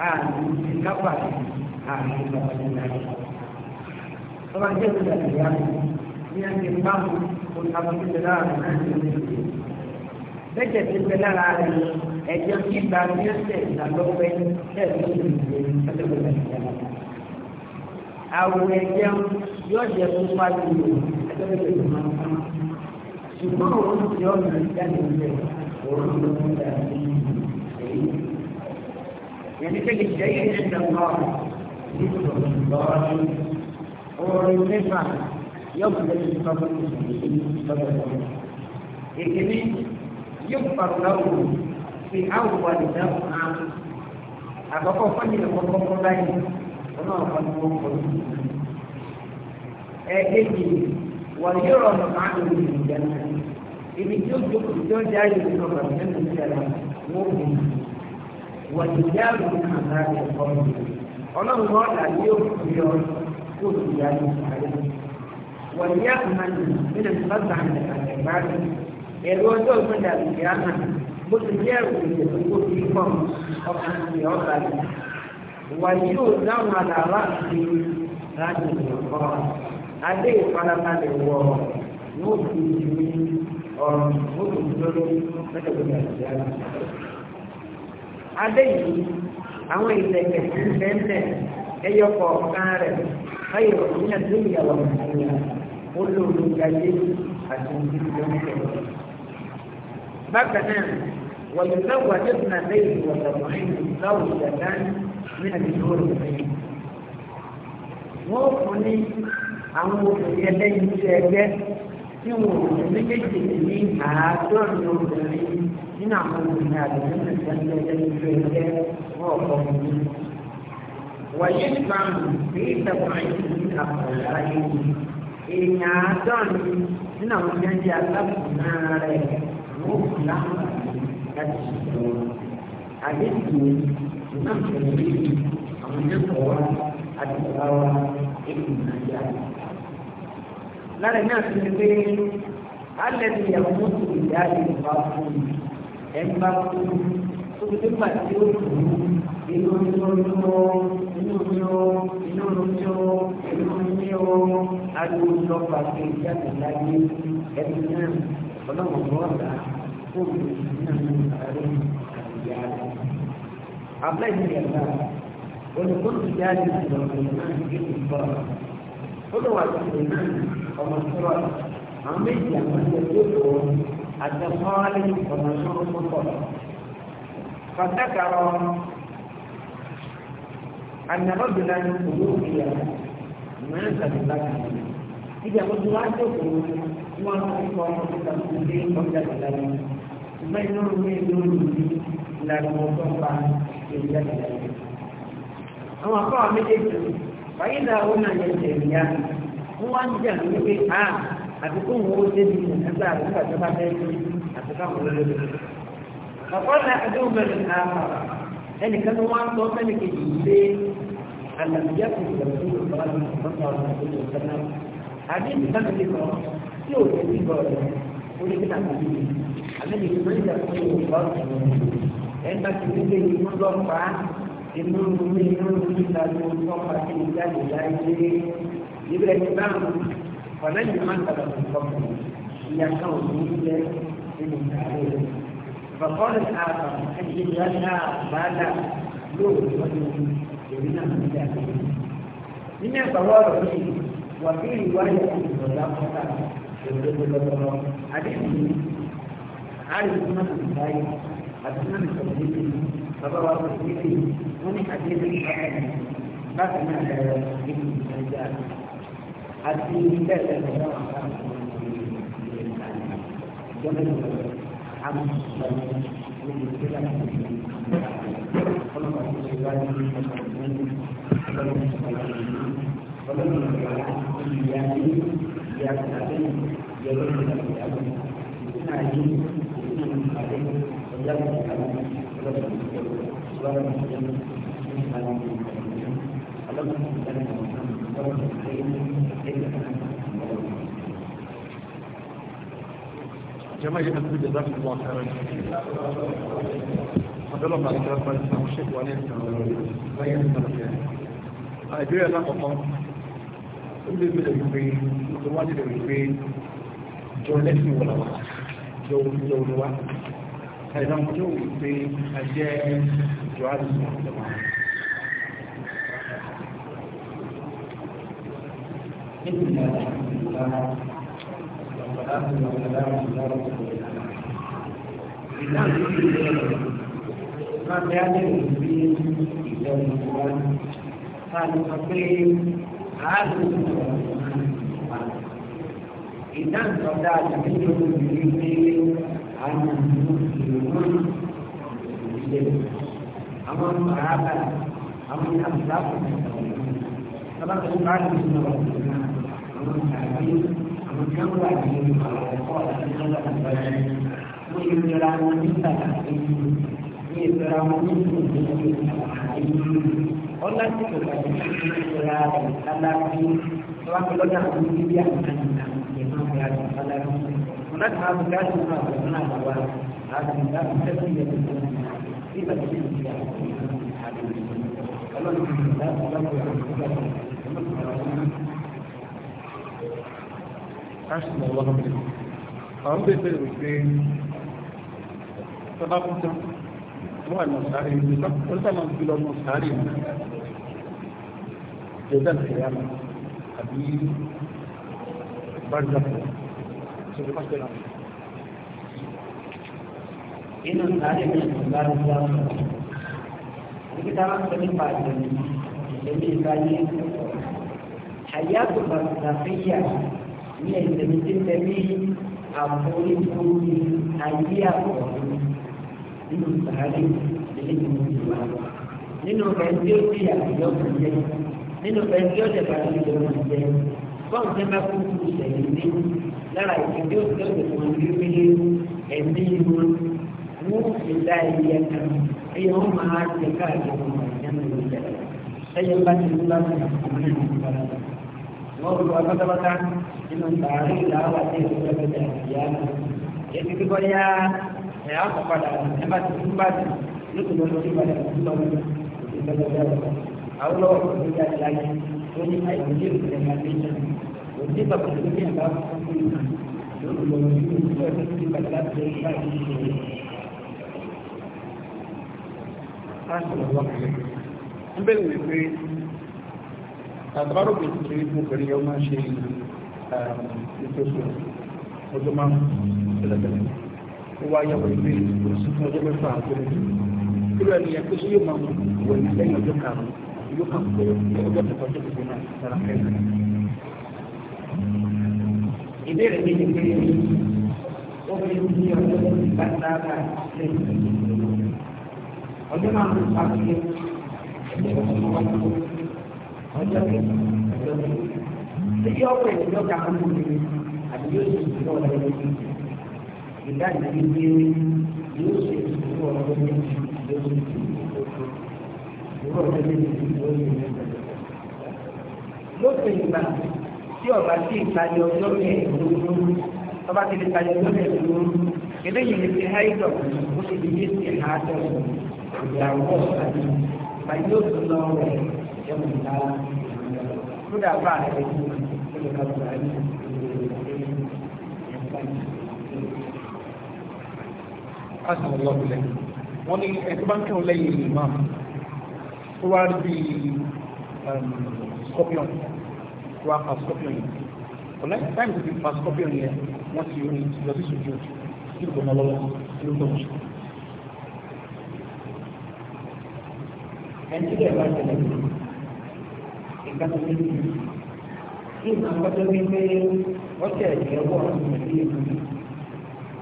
ó àrùn ti kápá àrùn ìgbàlódé náà. lọ́la jẹ́ ìgbàlódé yá ní àti ìbámu olùkàbọ̀tì láàrin àti ìṣèlú. bẹ́ẹ̀ ti bẹ lára rẹ̀ ẹ̀jẹ̀ kíkà ní ẹ̀sẹ̀ ìdálọ́pẹ́ ẹ̀ẹ́dẹ́gbẹ̀rún ẹ̀ẹ́dẹ́gbẹ̀rún àwọn ẹ̀jẹ̀ yóò jẹ́ fún pàdé ìlú ẹgbẹ́ ìlú máa ń fún un. ṣùgbọ́n òun ti ọ̀nà ìjáde ìlú òun ló ń dà sí èyí. yẹnni pé kì í jẹ́ yẹn ẹ̀jẹ̀ náà nínú lọ́wọ́ ní orin mẹ́fà yóò fi lè pápá tó sì ní lọ́wọ́ lọ́wọ́. èkìní yóò pàrọ̀ láwù fi áwù wà ní àkọ́kọ́ fọ́nìyàn kọ́kọ́ kọ́ báyìí ọ̀nà ọ̀pọ̀lọpọ̀ ọ̀pọ̀lọpọ̀ ẹ̀ẹ́dẹ́gbì wọ́n yóò rọ̀ ọ̀nà máa ń lò ní ìjà náà ibi tí ó jókòó tí ó jẹ́ àyè ní ọ̀pọ̀ nínú ìṣẹ̀lẹ̀ wọ́n kù wọ́n ti jẹ́ àrùn ní àná ẹ̀kọ́ ọlọ́run wọn là yóò fi ọ kó o yá ní ìsàlẹ̀ wọ́n yá àmà ní nínú ìfọ́sà àgbẹ̀gbẹ̀ ẹ̀rọ ọjọ́ ìpínlẹ̀ àgbẹ̀gbẹ̀ àmà bó ti jẹ́ ẹ̀rù ìṣẹ̀lẹ̀ tó kó o ti ọkàn ti ọ̀gá wà yóò dáhùn àdàrà sí láti ìyọ̀kọ́ adé ìfarabalẹ̀ wọ̀ yóò fi ìwé ọ̀rọ̀ yóò fi lọ́lọ́ lọ́dọ̀ nàìjíríà. adé yìí àwọn ìlẹ̀kẹ̀ ń bẹ́ẹ̀ ẹyọ kọ̀ọ̀kan rẹ̀ báyọ̀ ìyá tó ìyàwó àyà ó lòlù gàdé àti ìdílé bákan náà wọ̀nyí náà wà ní ìdílé àti ìwọ̀n ní àdìgbò rẹ̀. Wọ́n fún ní àwọn obìnrin ẹlẹ́yin tí ẹgbẹ́ tí wọn ò ní méjèèjì ní àádọ́rin obìnrin nínú àwọn obìnrin àdìgbò rẹ̀ tí wọ́n ẹlẹ́yin tí ẹgbẹ́ wọ́n ọ̀pọ̀ mi. Wọ̀nyí ìbámu bí ìtẹ̀kùn àyè ní àpàlà ayé yìí èèyàn àádọ́rin nínú àwọn èèyàn jẹ́ alábùnára rẹ̀ wọ́n kù láwọn àti àdéhùn àwọn akẹ́kọ̀ọ́ wa àti ìgbà wa ètò ìrìnàjà. lára náà ti ní pé alẹ́ ti yàwó mọ́tò ìyá ìgbà fún ẹ̀ ń bá fún tó ti dépà tí ó kù inú inú inú inú inú inú inú inú inú ariwo lọ pàṣẹ ìjáde láyé ẹni náà ọlọ́run bọ́ọ̀dà fún mi náà ní àárẹ̀ àríyá rẹ̀ abdullahi bin yasar wani kuntu jari da musulman gidi fara wani wasu musulman ọmọ sọ̀rọ̀ àwọn méjì àwọn ẹgbẹ́ tó àtẹmọlẹ ọmọ sọ̀rọ̀ púpọ̀ fàtàkàrọ anàbọbìnrin ní òwò òkèèyà mẹ́rin sàbìlá kàlẹ ìjà gbogbo wa jókòó wọn kò kọ ọmọ tó kàn fún ilé ọjà ìlànà ìgbà ìnáwó ní ìlú ìjẹ̀lìyà àwọn àpá àwọn méjèèjì wáyé náà ó náà yẹ ìjẹ̀lìyà wọ́n wá ń jà ní wípé a àti kó wọn ó débi ìjẹ̀lìyà nígbà tó bá fẹ́ ní àti káwọn olóòlù. ọ̀pọ̀ náà àdéhùn mẹ́rin náà ẹnìkan wọn á sọ fẹ́ni kejì pé àlàyé kò tẹ̀sí ìjọba ní ọ̀pọ̀ àwọn àdéhùn mẹ́rin náà àdéhùn mẹ́rin náà tí ò tẹ̀sí bọ̀ọ̀lù orí kí ẹgbẹ́ ti fi lé inú lọ́pa inú orí inú orí ìlànà lọ́pa tí mo jáde láyé ìbílẹ̀ ti bá wọn ọ̀nà yìí máa ń tàbí ọ̀pọ̀ ìyàtọ̀ òní jẹ́ nínú ìdájọ́ rẹ̀. Bàbáwọn àbá ẹni ìyá náà bàálà yóò wọ́n ní èmi náà ní ìyá rẹ̀. Nínú ìgbàwọ́ ọ̀rọ̀ yìí, wà bí ìwádìí àti ìrọ̀lá kọ́ta ìrọ̀lẹ́ lọ́wọ́ àdéhùn yìí, àárín ìgbìmọ̀ àti ìgbáyé. أتمنى من تدريبه فبرا تدريبه ومن حديثه أحد ما كان الإنسان حديث لا تتبع جمل عمد من الكلام اللهم صل على محمد وسلم ولم يجعل عنه يامين يا سعدين يا رب العالمين إنا عليم إنا من عليم جماعة المسجد جزاكم الله خيرا Ọjọ́lọ́ bá ìjọba bá ìjọba ṣe wà ní ìgbàlẹ̀ ìgbàlẹ̀. Àìbíyà lápapọ̀, ó lè bèèrè wípé, ó wá nílẹ̀ wípé, jọ lẹ́sìn wọ̀lọ̀wà, jọ olúwa ẹ̀dá tí ó wù pé a jẹ́ ìjọ àdúgbò ìjọba Láti á lè rí ìjọba ìjọba láti sọ pé àádùn ìjọba ìdáǹtọ́ dáadáa nínú ìrírí àwọn ìlúwọ́n ìdílé àwọn màábà àwọn àbúrákù sábà tó bá lè sọ àwọn tàbí àwọn káwà ní ọ̀pọ̀ àti ọ̀pọ̀ àgbáyé wọ́n yóò jọra wọn nígbà àti ní ìjọra wọn nígbà àti àìyí ọlá tí kò bá yẹn ní ìjọra rẹ̀ sálábí wọ́n á fi lọ́dọ̀ àwọn ibi bí àwọn àti àwọn ìjọba rẹ̀ sálábí. هناك ما بكاش هنا هنا مواد هذا من باب التسوية في تسوية أحسن الله منك أرضي بير الدين تبقى مو المصاري قلت من كيلو المصاري جدا خيار أبي برزخ Inú ìdájọ́ mi ìgbà ní ìgbà mi. Nígbà máa ń sọ nípa ìgbẹ̀mí, ìgbẹ̀mí ìgbàyé. Àyà tó bá ti dàfẹ́yà ní ìgbẹ̀mí tí tẹ̀lé àforíforí ayé àkọ́kọ́ nínú ìgbàlè nínú ìgbà. Nínú ọ̀gá ẹni tí nínú ọ̀gá tí ó lára ìdíjọ́ ìdíjọ́ ìwọ̀n ní wíyé ẹ̀mí wọn wọ́n fi dá ẹyẹ kan ẹyẹ wọn máa ṣe káàkiri wọn ìyẹn ló jẹ ẹyẹ bá ti lọ́wọ́ láti ọ̀nà ìgbàlá wọ́n rú wa pátápátá nínú tààrí ìlàwọ̀ àti ìfọwọ́pẹ́tẹ̀ ìyá náà èyí tí wọ́n yá ẹ̀ á kọ́ padà ẹ̀ bá ti fún báàgì lóṣù lọ́wọ́ sí padà fún lọ́wọ́ ìgbàlódé àwọn ọ̀rọ̀ àwọn ọ̀rọ̀ ìgbàlódé nígbà tó ní àbá fún mi lọ́wọ́ ní ìgbà tó ní bàtà tó ń bá yìí ṣe. ń bẹ̀rẹ̀ ní pé àtàrà òkè tuntun yìí obìnrin yóò máa ṣe ìtòsí ọjọ́ máa ń tẹ̀lẹ̀tẹ̀lẹ̀ ó wá yàwó ìgbé oṣù fún ọjọ́ mẹ́fà àgbẹ̀rẹ̀ kí lóò ènìyàn pé ṣé yóò máa wọ̀ lẹ́yìn ọjọ́ karùn-ún yóò kàn pé ọjọ́ kẹfà ọjọ́ kẹfà náà ìbéèrè mi ni pé obìnrin ní ọjọ́ tó ti bá dáadáa lè ọjọ́ máa ń pa sí ọjọ́ tó ọjọ́ tó ṣé yọ ọ̀pọ̀ ìdíjọ́ ká fún mi àbí yóò ṣe ìdíjọ́ ọ̀rọ̀ lórí ìdá ìdí pé yóò ṣe ìdíjọ́ ọ̀rọ̀ lórí yóò ṣe ìdíjọ́ ọ̀rọ̀ lórí yóò ṣe ìgbà tí ọba sí ìtajà ọjọ́ mẹ́ẹ̀ẹ́dógún ọba ti di ìtajà ọjọ́ mẹ́ẹ̀ẹ́dógún eléyìí ni ti háìdọ̀ ó ti di ní ti háàdọ̀ ìyàwó àti bàyí ó tún lọ rẹ̀ ẹ̀mú ìta kódà bá rẹ̀ olùkàbùrà yìí. Asan Allah bilẹ̀. Wọ́n ní ẹ̀tọ́ bá ń kẹ́wọ̀n lẹ́yìn ìmọ̀. Ó wá rí bí um, scorpion it wá pàṣípọ̀pì ọ̀yìn ọ̀lẹ́sì táìmù ti pàṣípọ̀pì ọ̀yìn yẹn wọ́n ti orin lọ sí sojú kí ló lọ lọ́wọ́ kí ló lọ́wọ́ ẹni tí lẹ́yìn bá tẹ̀lé ìgbà tó ní kí n máa gbọ́dọ̀ wí pé wọ́n tẹ̀ ẹ̀jẹ̀ wọ̀ ní ìlú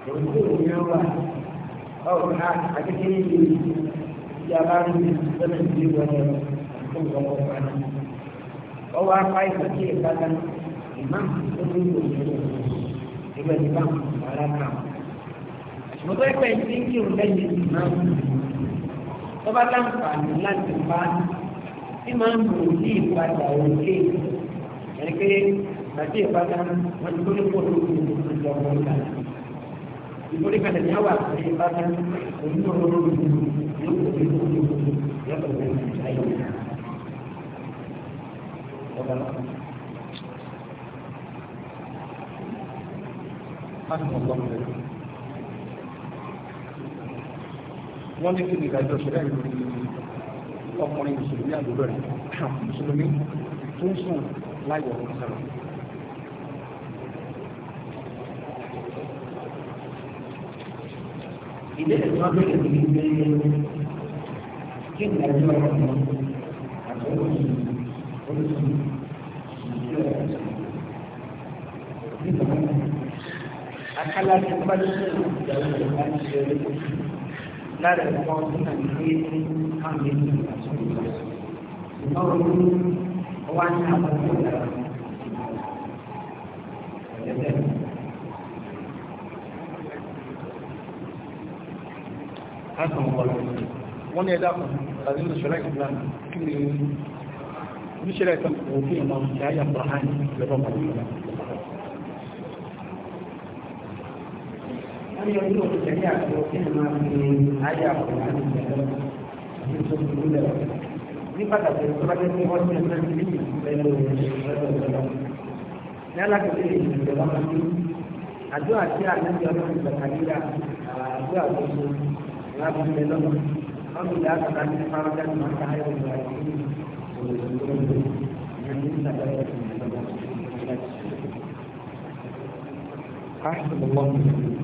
òun tó ní wà báwo ni àti kí ni ìyá bá ń bí lọ́nà ìdílé wọn ní ọ̀pọ̀ ọ̀pọ̀ ọ̀pọ̀ ọwọ́ apá ìgbàkí ìbáta ìmáà tó ní ìlú ìlú ìgbà ìbá ara kà. mo tọ́ ẹ̀pẹ́ tí kí o lẹ́yìn ìmáà tó bá láǹfààní láti bá tí máa ń bò ní ìpadà òkè ẹni pé ìgbàkí ìbáta wọn tó ní kóòtù ìjọ ọmọ ìgbà. ìgbóni kan lẹ́yìn àwọn àti ìbáta òní òróró yóò kó ìgbóni yóò kó ìgbóni wọ́n ní kí ni ìdájọ́ ṣẹlẹ̀ lórí ọkùnrin mùsùlùmí àgbòrò rẹ̀ mùsùlùmí tó ń sùn láyọ̀ ọ̀hún sára ilé ẹ̀sán lórí ìgbésí kí ni ìdájọ́ ọkùnrin pàṣẹ ní pé ọ̀rọ̀ ní ọwọ́ ní àwọn ọmọ ìgbà ẹ̀ẹ́dẹ́. Káàkiri ọ̀pọ̀lọpọ̀ wọ́n ní ẹ̀dá kan tàbí ní ṣẹlẹ̀ ìgbìlànà kí ni ní ṣẹlẹ̀ ìtàn òfin ọmọ ìyá yàtọ̀ ó yẹ kí òkú tẹ̀lé àti òkú máa fi ayé àpò láti tẹ̀lé ní tó ti lulẹ̀ ní pàtàkì tó bá tẹ̀lé wọ́n ti ẹ̀sẹ̀ ní ìpẹ́lẹ̀ ìrẹsọ̀rọ̀ ní alákòókò lè ṣe ìjọba máa ní àjọ àti àlejò ọmọ ní ní máa káyọ̀ ìgbà أحسن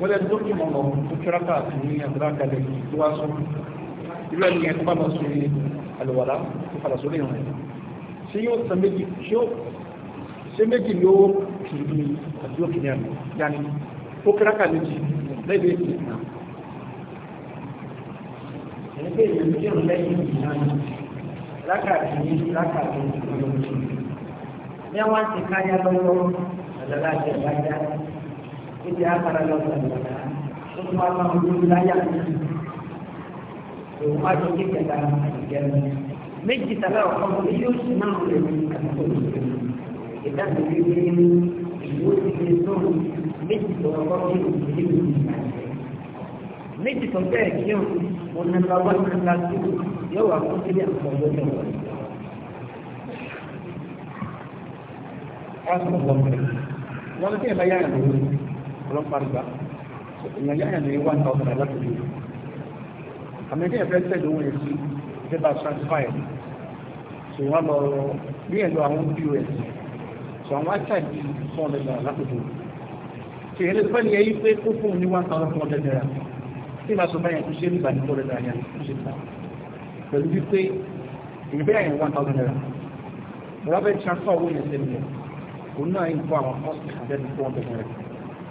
wọ́n lẹ́nu tó kí mọ̀ mọ̀ tó kíra ká àti ní àdúrà kalẹ̀ tó wá sọ irú ẹni yẹn tó bá lọ sí àlùwàlá tó padà sórí ìrìn ṣé yóò san méjì ṣé méjì ló kì í àdúrà kìíní àná yanni tó kíra ká méjì lẹ́yìn èyí ẹgbẹ́ ìlú jẹun lẹ́yìn ìlànà lákàtí ní lákàtí ní ọlọ́run ní àwọn àti káyà lọ́wọ́ níbi àkàrà lọ́sọ̀ tó tún wá máa ń lórí láyà òun wá jọ kékeré lára àìjẹun méjì tàbí ọ̀kan tó yóò sì máa ń lè ní àkókò ìgbìmọ̀ ìdáhùn wípé ìwé ti lè sọ̀rọ̀ méjì tó ọkọ̀ ní òkèlè ìgbìmọ̀ méjì tó bẹ́ẹ̀ kí ó mo ní ọba wá ní ọba yóò wà fún sílẹ̀ àkọ́kọ́ lọ́jọ́ wọn. wọ́n ti ẹ̀ bá yára lórí ọlọ́pàá gbà ìyẹn yáyà ní one thousand naira tó yẹ àmì ní ẹ̀fẹ́ tẹ̀lé owó yẹn sí débà transfer ẹ̀ so wọ́n lọ bí ẹ̀ lọ àwọn pos so àwọn àtàkì four hundred naira lápòjù so ìyẹn lè fẹ́ ni ẹyí pé kó fún un ní one thousand four hundred naira tí ìbá sọ báyẹn tó ṣe nígbà ní four hundred naira yẹn tó ṣe ta pẹ̀lú wípé ìgbé yẹn sẹ́ni yẹn òun náà ń kọ́ àwọn first hundred and four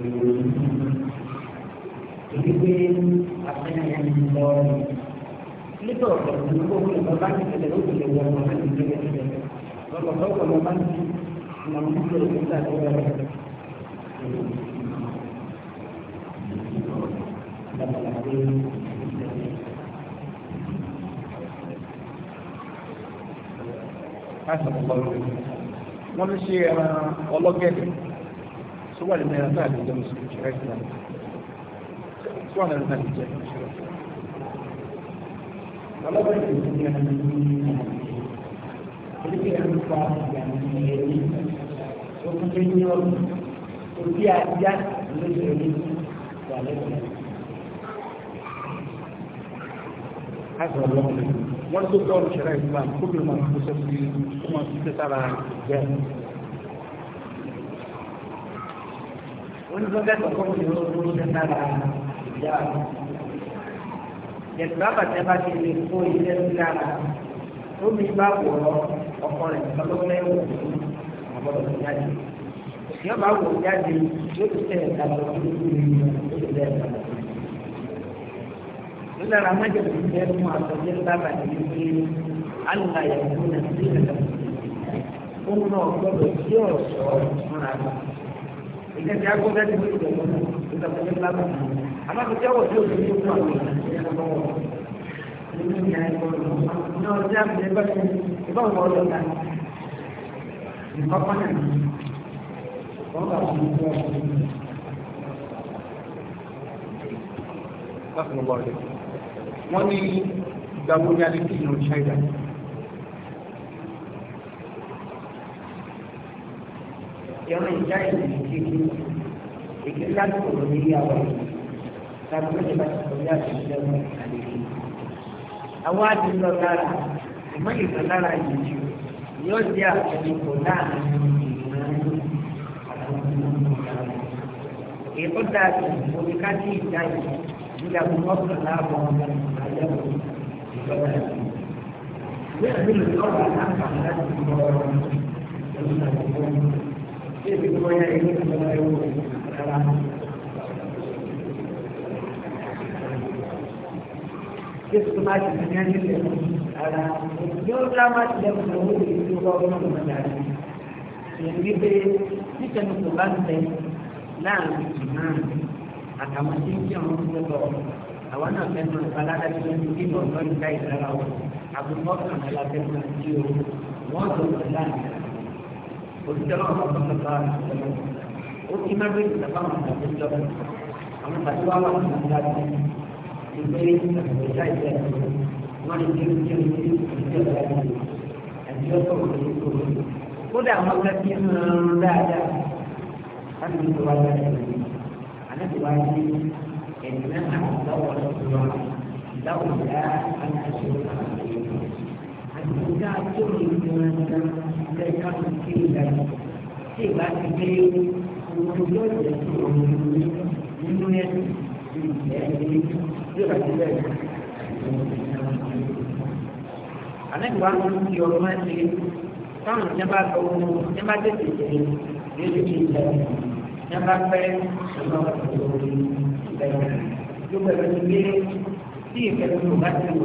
Jadi apa yang dilakukan itu mendukung beban seluruh dunia makan di dunia. Kalau kau beban namun tidak bisa dilakukan. Wọ́n ń ṣe ẹran uh, ọlọ́gẹ̀dẹ̀ swali na yanataka jamsi kichekesha swala la nani Kalau kita punya ini, jadi kita lupa yang ini. Untuk ini, untuk dia dia ini jadi. Asal Allah. Waktu tahun syariat Islam, kubur manusia itu, kumasi secara jenis. onígbọ́gbẹ́sọ̀ kọ́kọ́ ní olóró ní sára ìjà rẹ̀. Yẹ̀tùbá bàtẹ́ bá ti lè kó ilé lára. Omi bá wọ̀ ọ́ ọkọ rẹ̀ lọ́gbẹ́ wò ó àbọ̀dọ̀ tó jáde. Yọ̀ bá wò jáde yóò ti tẹ̀ ìdájọ́ tó kú ní ìlú ìlú lára májèlé ìfẹ́ fún àtọ̀jẹ́ lábàá ní pé alùpàyà ìlú nàìjíríà ó ń ná ọgbọ́dọ̀ tí ọ̀ṣọ́ fúnra rẹ̀ ìgbésí agbóhùn ẹni wọ́n ti dẹ̀ lọ́nà ìgbàgbọ́ ní lábà. àmọ́ kò jẹ́wọ́ tí òṣèlú yóò fún àwọn ìyẹn lọ́wọ́ náà ọjọ́ àbúlé bá ṣe ìbá òun ọ̀dọ́ ta ìkọ́kọ́ náà wọ́n bá wọn mú wọn. wọ́n ní ìgbà wo ni a lè kí ìlú China. jẹun ìjà ìlú kíkí èké láti kòrò ní ìyàwó láti lóde bá ti kọjá àtúnṣe ọmọ àlejò àwọn àdúgbò lára ìmọ̀ ìgbà lára ìjì yóò jẹ́ àtúnṣe láàrin ìgbìmọ̀ èkó dáàbò omi ká ní ìjà ìlú nígbà tó wọ́n kàn láàbọ̀ ọmọ àyẹ̀wò ìjọba ìlú. Ìwé ìlú ìjọba náà kàn láti gbọ́ ọ̀rọ̀ ìjọba ìlú débi tó yẹ ilé tó lọ ewu rárá. Jésù tó máa ti di ní ilé ara yóò dá máa ti lẹ́kùn tó wọ́n lè fi ọgbà ọgbà ọgbà dàrí. Èyí pé títẹnu kò bá ń bẹ láàrin ìmọ̀ àtàwọn tí ń jẹ́ àwọn tó lọ àwọn náà fẹ́ mọ ìpalára tí wọ́n òṣìṣẹ́ náà wà fún ọ̀sán àti ìṣẹ̀lẹ̀ ó ti má bẹ́ẹ̀ ìjọba àwọn àgbàdo ìjọba àwọn àti wá wà ní ìjọba ti pé ìgbésà ìjẹ́ wọn ni kí ní kí ní ìjọba ìjọba àjọyọ̀ òṣèlú kódà àwọn akẹ́kẹ́ ń dáadáa láti ní ìjọba ìjọba àdéhùwájú ẹ̀mí náà lọ́wọ́ lọ́wọ́ ìdáwọ̀ ìyá àti àṣírí àti fẹ́ ká tó kí ìdájọ́ tí ìbá ti gbé ohun yóò jẹ́ sí ohun nínú ẹ̀sìn ìgbẹ́ ẹ̀sìn yóò bá ti bẹ̀rẹ̀ àlẹ́gbà ń fi ọ̀rọ̀ máa ṣe táwọn ìjọba bá lọ wọn ní bá tètè ṣe ní ní bá pẹ́ ṣùgbọ́n ìbẹ̀rẹ̀ yóò bẹ̀rẹ̀ sí pé tí ìbẹ̀rẹ̀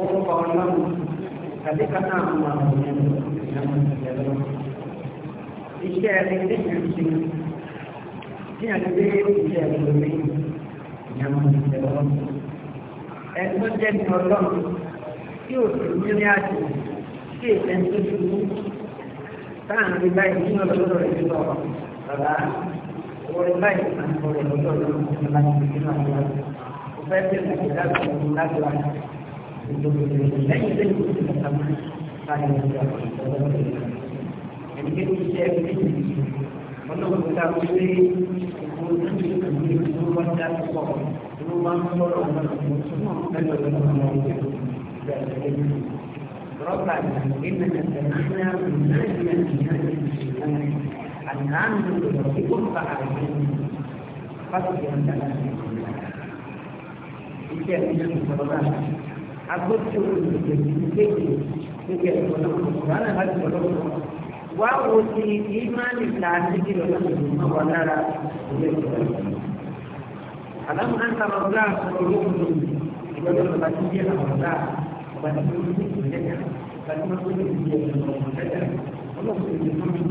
orúkọ ọlọ́run tàbí kátà àwọn àwọn ènìyàn ìyàwó ìṣẹ̀lẹ̀ lọ́wọ́. Iṣẹ́ ẹni tí kìí ṣe tí a ti gbé iṣẹ́ ìlúmi ìyàwó ìṣẹ̀lẹ̀ lọ́wọ́. Ẹgbẹ́ jẹ́ ní ọlọ́run tí ò sí nílé àjò tí èsẹ̀ ń tójú mú. Táàrin rí báyìí ní ọlọ́dọ̀ rẹ̀ ti lọ bàbá. Orin báyìí àti orin lọ́dọ̀ rẹ̀ ti lọ láti fi sí àwọn ọ̀rọ̀. Mo fẹ́ bẹ̀rẹ̀ láti láti wá lẹ́yìn lẹ́yìn tó ti kàtà máa káyọ̀ nígbà ọ̀dọ́ ìlànà ẹni pé ó ṣe ẹgbẹ́ ìdìbò ọlọ́run ká ó lé ìwọ ojú ìlú ìlú wọn dá pọ̀ ló máa ń sọ̀rọ̀ náà lẹ́nu ọ̀dọ́ ọmọ ìgbà ìgbà ìgbà ربنا إننا سمعنا من ناديا من هذه الشيطان أن آمنوا بربكم فآمنوا فقد أنزلنا إليكم إياك من الصلاة agbóhùn ìgbèkègbè níbi ẹ̀kọ́ náà wàhálà láti ọlọ́run wá wo ti ìmánì ta níbi ọlọ́run náà wà lára ìwé ìjọba. àdámù náà sábà bílá àkọsílẹ̀ ìlú ìgbọ́dọ̀ bàbá tí díẹ̀ náà wà láà bàbá tí wọ́n ti ti jẹ́jà bàbá tí wọ́n ti ti di ẹ̀jẹ̀ náà wà jẹ́jà ọlọ́run ti ti fún mi.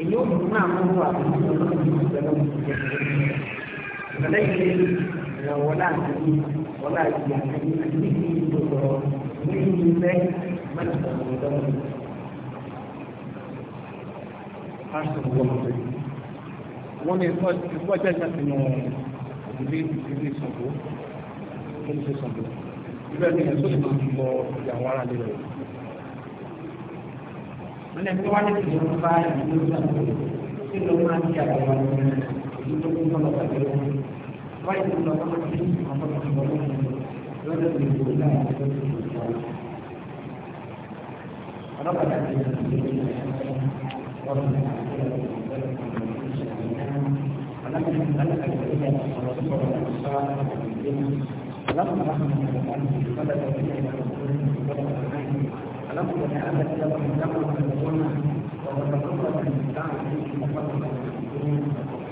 èyí ò mú àwọn ọmọ àbúrò ọlọ́run ti ti bẹ̀rẹ̀ ìran wọlá àti wọlá àti àti ní ìdòdò ní ilé mẹ́ta ìdọ́nà. Pásítọ̀ wọ́n ti wọ́n ní ìfọ́jẹ́ ìjàpínú ìdílé ìdílé ìsọ̀gbó tó ń ṣe sọ̀gbó. Ibẹ̀ ni ẹ̀sọ́ ìlú ti lọ ìyàwó ara lè rẹ̀. Wọ́n ní wọ́n ní ìlú bá ìlú ìjàpínú sí ló ń di رأيت أن الله فيه وقد أخبرنا بدل من الله ربنا فلما رحمه الله بدأ إلينا رسوله بدأ عليه فلما تجعلت له من نقل من الجنة وتفضل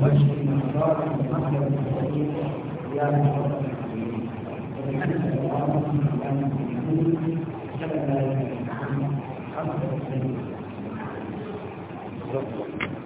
واشهد نصارى المحضر المستقيم يا محمد المسلمين وبحمد الله لا يقول كما لا يقول حمد